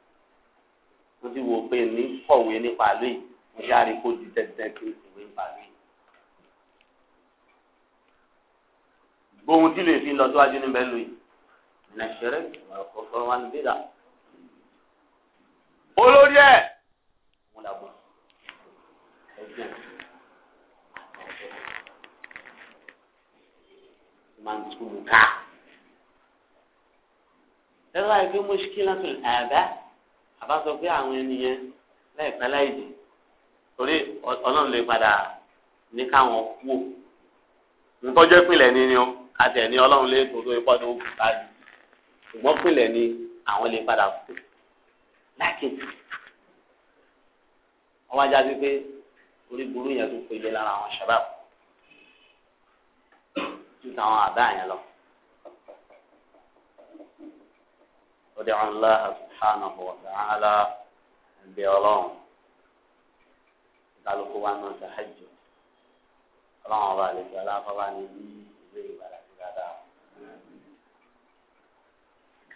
wọn ti wò pé ní kọ̀wé nípa ìlú yìí wọn sáré kó di tẹtẹ kí ìwé nípa ìlú yìí. gbogbo tí lè fi lọ síwájú níbẹ̀ lù yìí nàìjíríà ọ̀rọ̀ kọ̀ọ̀kan wà níbí dà. olórí ẹ̀ wọn làgbọ̀n. من ẹ wá ẹgbẹ́ مشكلة àbá àbá sọ pé àwọn ènìyàn láìpẹ́ láìjì torí ọlọ́run lè padà ní káwọn kú ò ntọ́jọ́ ìpìlẹ̀ ni ni ó àti ẹ̀ní ọlọ́run lè tó tó ipá ní ogun báyìí ṣùgbọ́n ìpìlẹ̀ ni àwọn lè padà kú láàkì wọ́n wá jáde pé orí burú yẹn tó pele lára àwọn sábàbù ju àwọn àbá yẹn lọ. ودع الله سبحانه وتعالى بيرون قالوا قوانا تحجد الله ذلك لا فلان زي بلا كذا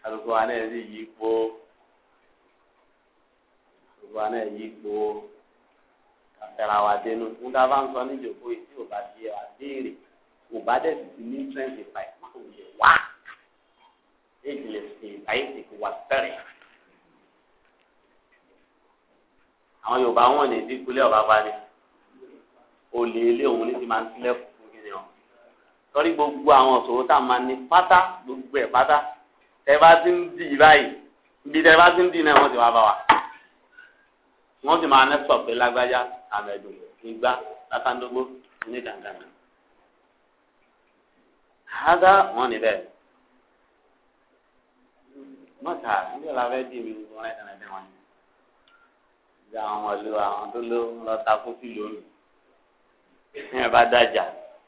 قالوا قوانا زي يكبو قوانا يكبو kàfẹ́ra wa dénú ń dábàá ń sọ níjòkó yìí tí di àdéhìrì kò bá dẹ̀ sì ní twenty five má ò lè wá ageless age àyèsè kò wá fẹ́rẹ̀. àwọn Yorùbá wọn ní ìdíkulé ọba parí olè ilé òun ní ti máa ń tilẹ̀kùn fún kíni ọ sọrí gbogbo àwọn ọ̀ṣọ́rọ̀ tá a máa ní pátá gbogbo ẹ̀ pátá tẹ́ bá ti ń dì í báyìí ibi tẹ́ bá ti ń dì í náà wọ́n ti wá bá wa wọ́n sì máa ń sọ pé lágbájá àmẹ́dùn ìgbà látàndógó ní kàńkàná hada wọn ni bẹ́ẹ̀ mọta níbi la fẹẹ dìbò wọn lẹsẹ náà dẹwọn ni ìgbà àwọn ọlọ àwọn tó ló ń lọ ta kó sí lónìí ní ẹ bá dájà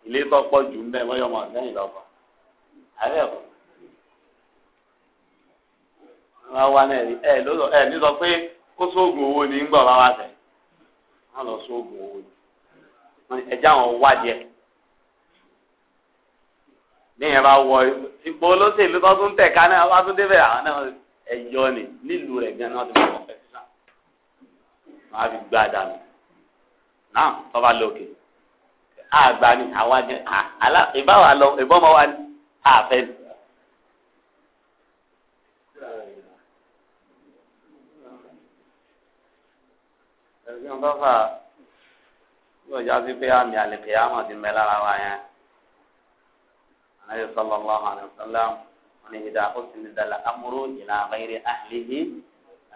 ilé tó pọ̀ jù ń bẹ wọ́n yọ ọmọ lẹ́yìn lọ́kọ̀ àbẹ̀ kọ́ wọn wá náà ẹ lọ́sọ ẹ ní pé ó sóògùn owó ni ń gbọ̀ bá wà tẹ̀ wọ́n lọ sóògùn owó ni ẹjẹ́ àwọn wádìí ẹ̀ lẹ́yìn bá wọ ipò olóṣèlú tó tún tẹ̀ ká náà wá tún débẹ̀ àwọn náà ẹ̀yọ́ ni nílùú rẹ̀ gan náà ti mọ̀ ọ́fẹ́ sísan máa fi gbá dànù náà tọ́ba lókè àgbà ni àwa ni ìbáwa lọ ìbọn ọmọ wa ni àfẹ́ ni. ẹ̀sìn ọ̀fọ́fà yóò já sí pé àmì àlèkè àmọ̀ ti mẹ́ wa yẹn anabi sallallahu alayhi wa sallam wọn ni ìdá òsínì dàlà amúrú ìlà àgbáyé àhìlìhì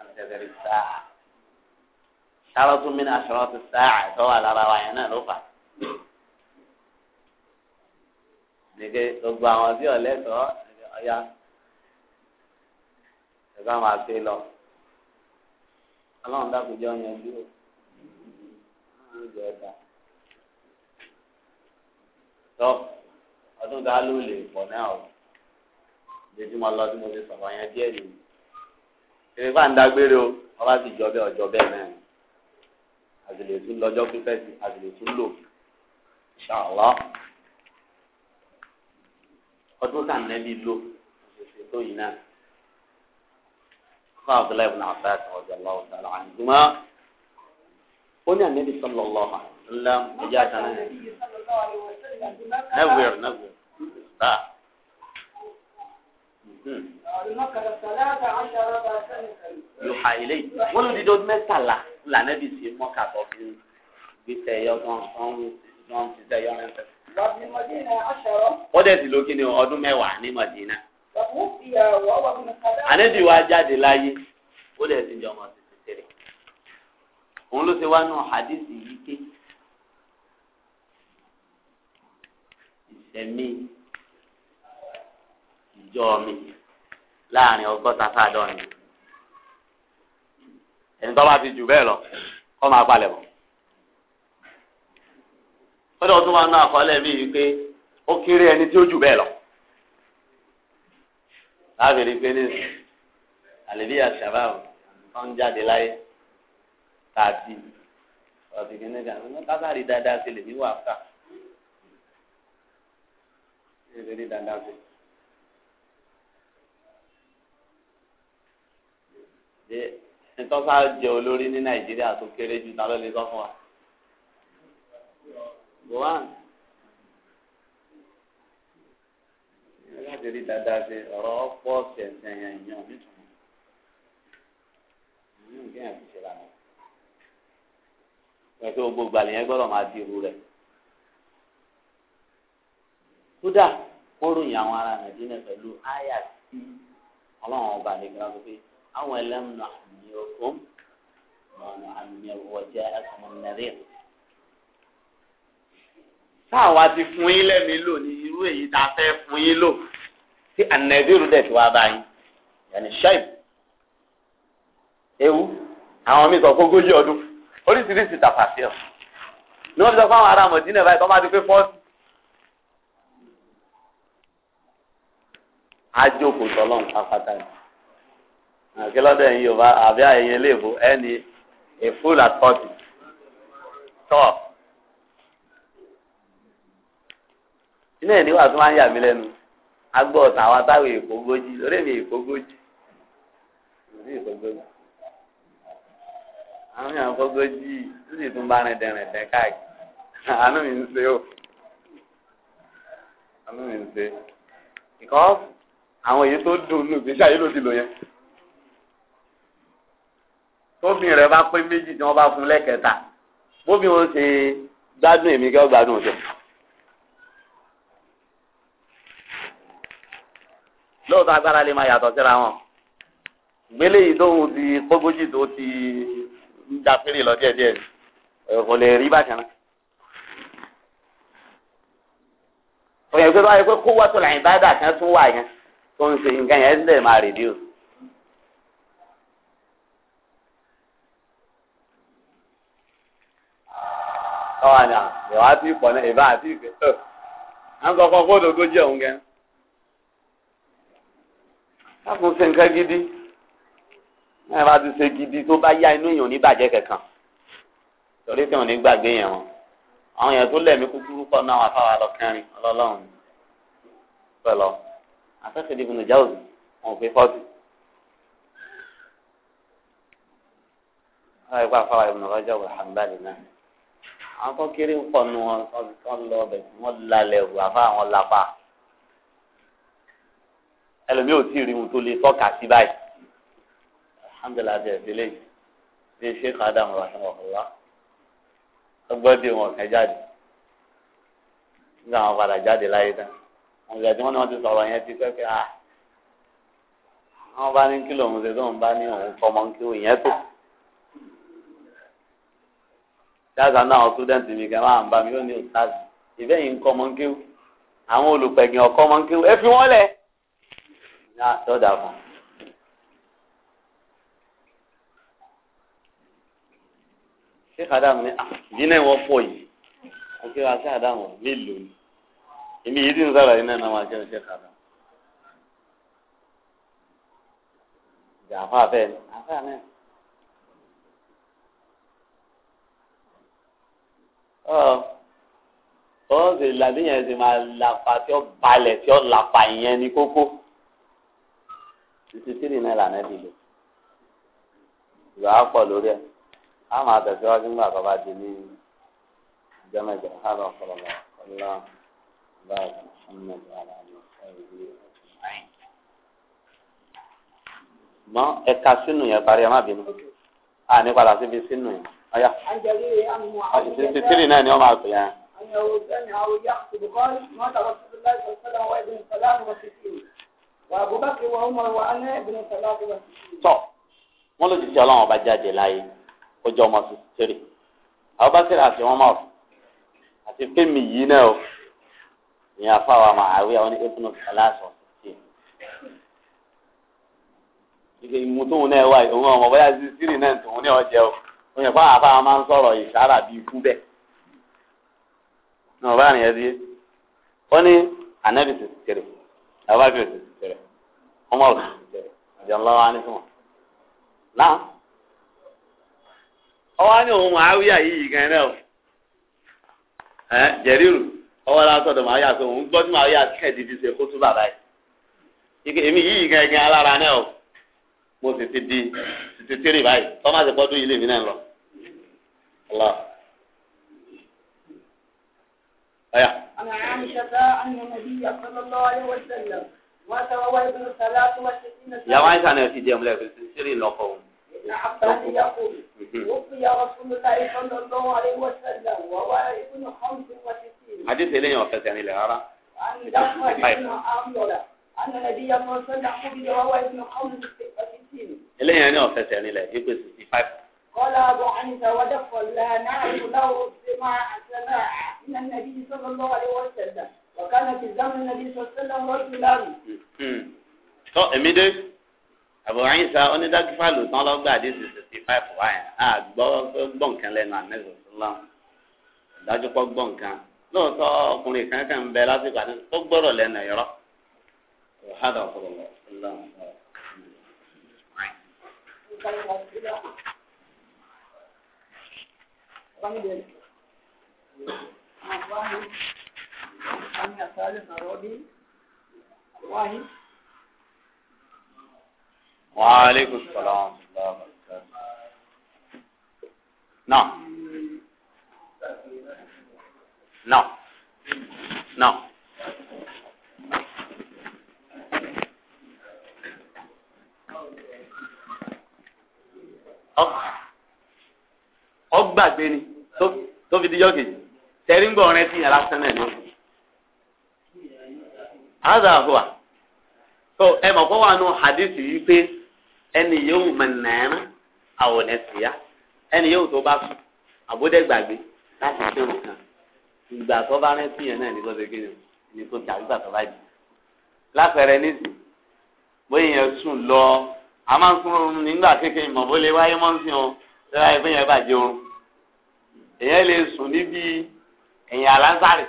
àtẹ̀bẹ̀rẹ̀ sáà sáràtú mi ní aṣọ́rọ́tù sáà ìtọ́wà lára wa yẹn náà ló fà. nìke gbogbo àwọn tí ọ̀lẹ́sọ̀ọ́ ọ̀ya ẹ̀ka máa ṣe lọ ọlọ́run dákúnjọ́ yẹn bí o ọlọ́run jẹ́ ẹ̀dá ọdún tá a lò lè pọ̀ náà o lójú ma lọ tí mo fi sọ̀rọ̀ yẹn díẹ̀ nìyí èmi bá ń dágbére o wọ́n bá ti jọ bẹ́ẹ̀ ọjọ́ bẹ́ẹ̀ náà àtìlè tún lọ́jọ́ pípẹ́ sí àtìlè tún lò ṣàlọ́ ọdún tá a nẹ́bí lò ṣèṣe tó yìí náà fún abdullahi ibn abbas radiyallahu ta'ala anhuma ó ní ànẹ́bí sallallahu alaihi wasallam ẹ̀jẹ̀ àtàlẹ́ نوّر نوّر آه. yòòhà ilé wọn ló di dó mẹ́tàlá lànàbì sí mọkà tó fi ń gbèsè yọgbọn ọhún ọhún ti sẹ yọrin fẹ. wọ́n dẹ̀ sì lókè ní ọdún mẹ́wàá ní Mọ̀dínà. ànẹ́bí wa jáde láyé ó dẹ̀ sì jọmọ títí tẹ̀lé. òun ló ṣe wá nù hadith yìí ké. ẹ̀mí ìjọ mi láàrin ọgọ́ta sáàdọ́rin ẹni tó bá ti jù bẹ́ẹ̀ lọ kọ́ máa palẹ̀ mọ́. fọ́dọ̀ tó máa ń ná àkọọ́lẹ̀ mi yìí pé ó kéré ẹni tí ó jù bẹ́ẹ̀ lọ. láàbìrì pé ní àlèbí àṣàbáwò tó ń jáde láyé tàbí ọ̀sìn kìnnìkan ní kásárì dáadáa ṣe lè ní wàhálà ṣe ní dandan sí. ìtọ́sá jẹ́ olórí ní nàìjíríà tó kéré jù ta ló lè sọ fún wa. Gohan láti rí dáadáa ṣe ọ̀rọ̀ ọ̀pọ̀ ṣẹ̀ṣẹ̀ yẹn yàn nítorí nínú kéèyàn ti ṣe lànà. pẹ̀lú gbogbo àlè yẹn gbọ́dọ̀ máa di irú rẹ̀. kódà ó ròyìn àwọn ará nàìjíríà pẹ̀lú àyà tí ọlọ́run ọba àdìgbà pé àwọn ẹlẹ́mùnà àmì ọkọ ọ̀nà àmì ọ̀wọ̀jẹ ẹ̀kọ́ nàìjíríà. sáàwá ti fún yín lẹ́mi lò ní irú èyí tá a fẹ́ fún yín lò tí ànàìjíríà dẹ̀ ti wá báyìí yàní ṣáì ewu àwọn mi sọ fógójì ọdún oríṣiríṣi tàfàṣẹ ọ ní wọn fi sọ fún àwọn ará mọ̀dínà báyìí tó máa di pé fọ́ọ̀sì. Ajoko tọ́lọ́ pápátá ni àkílọ́dọ̀ ẹ̀yin yorùbá àbí ẹ̀yin eléèbó ẹni a fool at forty tọ́ inú ẹ̀ tó máa ń yà mí lẹ́nu agbọ́ ọ̀tà àwọn atáwọ̀ ìfogójì lórí mi ìfogójì lórí ìfogójì àwọn èèyàn ìfogójì tó sì bá rìn o àánú mi ń because. àwọn èyí tó dùn nù gbèsè ayé ló ti lò yẹn tóbi rẹ bá pé méjì tí wọn bá fún lẹ́kẹta bóbi wọn ṣe gbádùn èmi kí wọn gbádùn ọjọ́. lóòótọ́ agbára lè máa yàtọ̀ síra wọn gbélé yìí tóun ti kógójì tó ti ń da péré lọ díẹ̀díẹ̀ kò lè rí bákan náà. ọ̀yẹ̀gbẹ́ báyìí pé kó wá tó làyìn bá dà kan tún wà yẹn tó ń ṣe nǹkan yẹn lè máa reduce. ọwọ àná ìwà àti ìpọ̀ náà ìbá àti ìfẹ́ tó à ń kọ́kọ́ kóòdù tó jẹ́ òun gẹ́. káàkùn ṣe nǹkan gidi náà bá ti ṣe gidi tó bá yá inú èèyàn oníbàjẹ́ kankan torí tí wọn ní gbàgbé yẹn wọn àwọn èèyàn tó lẹ̀mí kúkúrú pọ̀ náà wà fáwọn alọ́kẹ́rin ọlọ́lọ́run pẹ̀lú àtọ́sẹ̀dì ibùnú jáwùsì wọn ò pé fọ́ọ̀tì. wọ́n rí pa afárá ibùnú rọ́jà wọ̀ hàmbálì náà àwọn tó kéré ń pọ̀ nù wọn wọ́n lọ ọbẹ̀ tí wọ́n lalẹ̀ wò afárá wọn lápá ẹlòmíì ò tí ì rí ohun tó lè tọ́ka sí báyìí alhamdulilayi àti ẹ̀sìn lẹ́yìn bí sheikh adam rahimahullah ọgbọ́n dé wọn kàn jáde nígbà wọn padà jáde láyé tán àgbà tí wọ́n ní wọ́n ti sọ̀rọ̀ yẹn ti pẹ́ pé à ah, wọ́n bá ní kí lòun ṣe tóun bá ní òun fọmọ kí òun yẹn tó. dáàtà náà àwọn sùdẹ́ǹtì mi kẹ́ máa ń bá mi ó ní òtáàzì ah, ìbẹ́ yìí ń kọ́ mọ́ńkéwù àwọn olùpẹ̀gìn ọ̀kọ́ mọ́ńkéwù ẹ fi wọ́n lẹ̀ ní àtọ́dà fún ṣé kàdámù ní ah, dínà ìwọ́pọ̀ yìí wọ́n kí wá sí àdámù mélòó ni ibi yìí ti ń sọ̀rọ̀ yìí náà ni wọ́n á jẹ́ ṣe kàdà. ìjà àfa bẹ́ẹ̀ ni àfa náà. ọ̀ ọ́ sì làdíyàn sì máa làpà tí ó balẹ̀ tí ó làpà ìyẹn ní kókó. títí tírì náà lànà ti lò. ìgbà á pọ̀ lórí ẹ̀ á máa tẹ̀síwájú nígbà tó bá di ní ìjọ mẹ́jọ. وبارك محمد وعلى آله وصحبه أجمعين mọ ẹka sínú yẹn parí ẹ má bínú a ní padà síbi sínú yẹn ọyá àṣìṣe tírì náà ni wọn máa pè yẹn. tọ wọn ló ti ṣe Ọlọ́run ọba jáde láyé ó jẹ ọmọ sísítírì àwọn bá tẹ̀lé àti wọn máa fún àti fíìmù yìí náà o ní afáwa màáwí àwọn ibùnú aláṣọ sí ìgbè ìmùtòun náà wà ìdòwò ọmọ bóyá sísírì náà tòun ní ọjẹ o wọn yẹ fáwọn afáwa máa ń sọ̀rọ̀ ìṣàrà bíi ikú bẹ́ẹ̀ náà bá nìyẹn díẹ̀ wọn ní anabi sì kéré abájú sì kéré ọmọ rẹ sì kéré ìjọba wa ní fún wọn náà ọwọ́ ní òun màáwí àyíyí gan náà ẹ jẹ̀rìrù ọwọ́ la sọ̀dọ̀ màá yà pé òun gbọ́ tí yà tẹ̀ dídí ṣe kó tún bàbá yìí. ike èmi yìí gẹ́gẹ́ alára náà o mo sì ti di títí tírì báyìí tọ́másì pọ́dún yìí lèmi náà lọ. ọlọ. ọyà. أنا عائشة أن النبي صلى الله عليه وسلم وتوى ابن ثلاث وستين سنة. يا عائشة أنا في ديام لك تسيري لقوم hadith eléyàn ọ̀fẹ́sẹ̀ nílẹ̀ rárá. eléyàn ní ọ̀fẹ́sẹ̀ nílẹ̀ ipe sixty five. قال أبو حنيفة ودخل لا نعرف له سماع سماع من النبي صلى الله عليه وسلم وكان hmm. في زمن النبي صلى الله عليه وسلم رجلا. tó èmi dé Abu Isa onídàgífàlù tán lọ́gbà àdìsí sixty five wáyà á gbọ́ gbọ́ nǹkan lẹ́nu àmẹ́sọ̀tún lọ́wọ́ dájú pọ̀ gbọ́ nǹkan lóòótọ́ ọkùnrin kan kàn ń bẹ lásìkò àti tó gbọ́dọ̀ lẹ́nu ẹ̀rọ. هذا وصلى الله وسلم وعليكم السلام ورحمة الله وبركاته نعم No. No. ọgbàgbé ni tó fi di yọ kejì tẹ̀rí ń gbọ́ ọ̀rẹ́ tí yàrá sẹ́nẹ̀ ni. Aza àhùwà tó ẹ mọ̀ kó wà nù hadith yìí pé ẹni yóò mẹ̀nẹ́rẹ́ àwọn ẹ̀sìn yá ẹni yóò tó bá sùn àbúdẹ́gbàgbé láti kírun kan ìgbà tó bá rántí yẹn náà ní kó ṣe kéde ní kó ṣe àgbà tó bá jì lápẹẹrẹ nísìn bóyá yẹn sùn lọ a máa ń sún oorun nígbà kékeré mọ̀ bó lè wáyé mọ́ sí wọn lọ́la ẹgbẹ́ yẹn bàjẹ́ oorun èyàn lè sùn níbi ẹ̀yìn alásàrè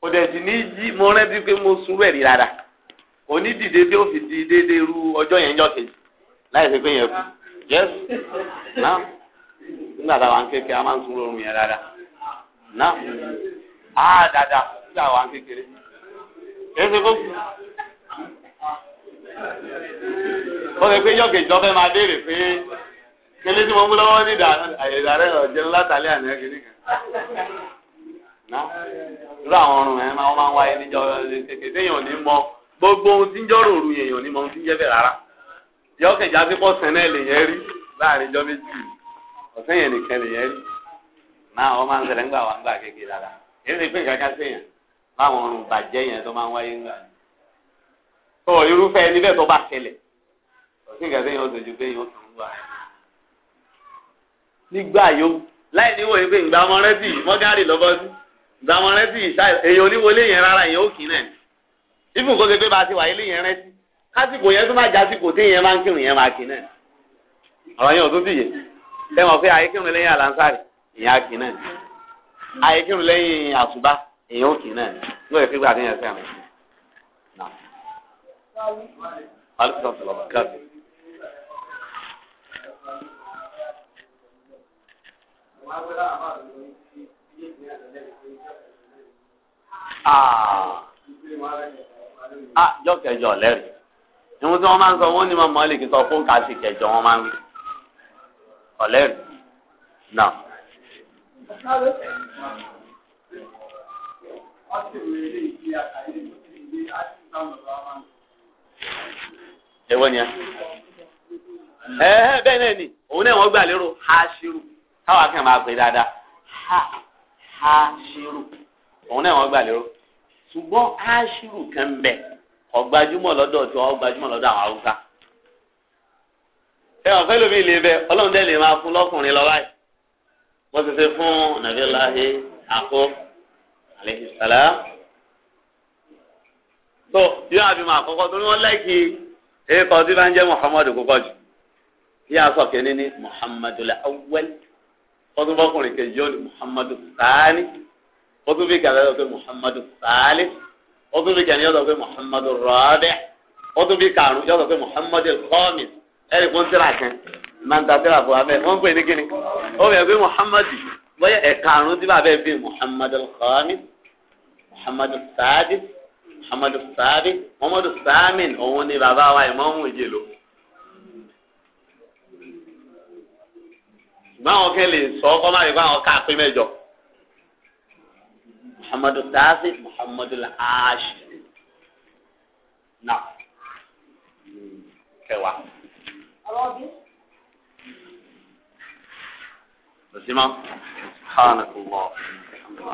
kò dẹ̀ sì ní jí mo rántí pé mo sùn rẹ̀ rí rárá onídìde tí ó fi di déédéé ru ọjọ́ yẹn jọ kejì láì ṣe pé yẹn kú yẹ́sù náà nígbà táwa ń a máa ń sún yẹn rárá. náà á dáadáa sí àwọn kékeré èsì kó kú. ó lè pé yọ̀gẹ̀ jọ fẹ́ máa béèrè pé kele tí mo mú lọ́wọ́ ní àyèdà rẹ̀ ọ̀jẹ̀ látàlẹ́ àná kiri kan. irú àwọn ọrùn máa ń wáyé níjọ kékeré ní mọ gbogbo ohun tí ń èèyàn ní mọ ohun tí ń jẹ́ bẹ̀ rárá pọ̀ sẹ́nẹ̀ lèyẹn rí láàrin ìjọ méjì ọ̀sẹ̀ yẹn nìkan lèyẹn rí. máa ọ máa ń ṣẹlẹ̀ ńgbà wà ńgbà kékeré lára èyí ni pé kankan séèyàn báwọn ọrùn bàjẹ́ yẹn tó máa ń wáyé ńgbà ni. tó irúfẹ́ ẹni bẹ́ẹ̀ tó bá ṣẹlẹ̀ òsì nǹkan séèyàn ó dojú pé yóò tún wá. nígbà yó láì níwòye pé ìgbà ọmọ rẹ sì mọ́gàrì lọ́bọ́ sí ìgbà ọmọ rẹ sì èyàn oníwọlé yẹn rárá yẹn ó kì í náà ìfún kó ṣe pé bá a ti wà ilé yẹn rẹ sí kásìkò yẹn tó máa jásìkò tí yẹn máa ń kírun yẹn máa kì náà ọ̀rọ̀ yẹn ò tún dìye tẹ́wọ̀n pé ayé kírun lẹ́yìn àlàǹsàrì èèyàn á kì náà ni àyè kírun lẹ́yìn àsùbá èèyàn ó kì náà ni ló yẹ fígbà téèyàn fẹ́ràn sí náà. Ah, ah jọ́ kẹjọ lẹ́rìí ìwọ́n tí wọ́n máa ń sọ wọ́n ní ma mọ́lì kí sọ fún kàásì kẹjọ wọ́n máa ń wí ọ̀lẹ́rìí náà ẹwọ ni ẹ ẹ bẹ́ẹ̀ náà ni òun náà wọ́n gbà lérò ha ṣírù káwọn akẹ́kọ̀ọ́ máa pè dáadáa ha ha ṣírù òun náà wọ́n gbà lérò ṣùgbọ́n ha ṣírù kan bẹ̀ ọ̀gbajúmọ̀ lọ́dọ̀ tí wọ́n gbajúmọ̀ lọ́dọ̀ àwọn haúsá ẹ ọ̀fẹ́ lómi lè bẹ ọlọ́run dẹ́ lè máa fún lọ́kùnrin lọ́wọ́ yìí wọ́n ti ṣe fún nàbíláhi àkó àlehi sàlám tó yóò àbí máa kọ́kọ́ tó ní wọ́n lẹ́kì èèkọ́ tí bá ń jẹ́ muhammadu kúkọ́ jù bí a sọ kìíní ní muhammadu awwal wọ́n tún kejì ó ní muhammadu sáni wọ́n tún bí kàlẹ́ muhammadu sáli wọ́n tún bí kàní muhammadu rabi' wọ́n kàrún yọ̀dọ̀ pé muhammadu khamis ẹ̀rí kún síra kan máa ń ta tẹ́lá fún wa bẹ́ẹ̀ wọ́n ń pè ní kíni ó bẹ̀rẹ̀ pé muhammad bóyá ẹ̀ka àrùn tí bàbá ẹ̀ bí muhammad al-khami muhammad al-sadi muhammad al-sadi muhammad al-samin òun ni bàbá wa ìmọ̀ọ́mù ìjèlò. báwọn kẹ́ lè sọ ọkọ máa rí báwọn ká pé mẹ́jọ muhammad sadi muhammad al-ashir náà kẹwàá. kò sí mọ́ hàn kò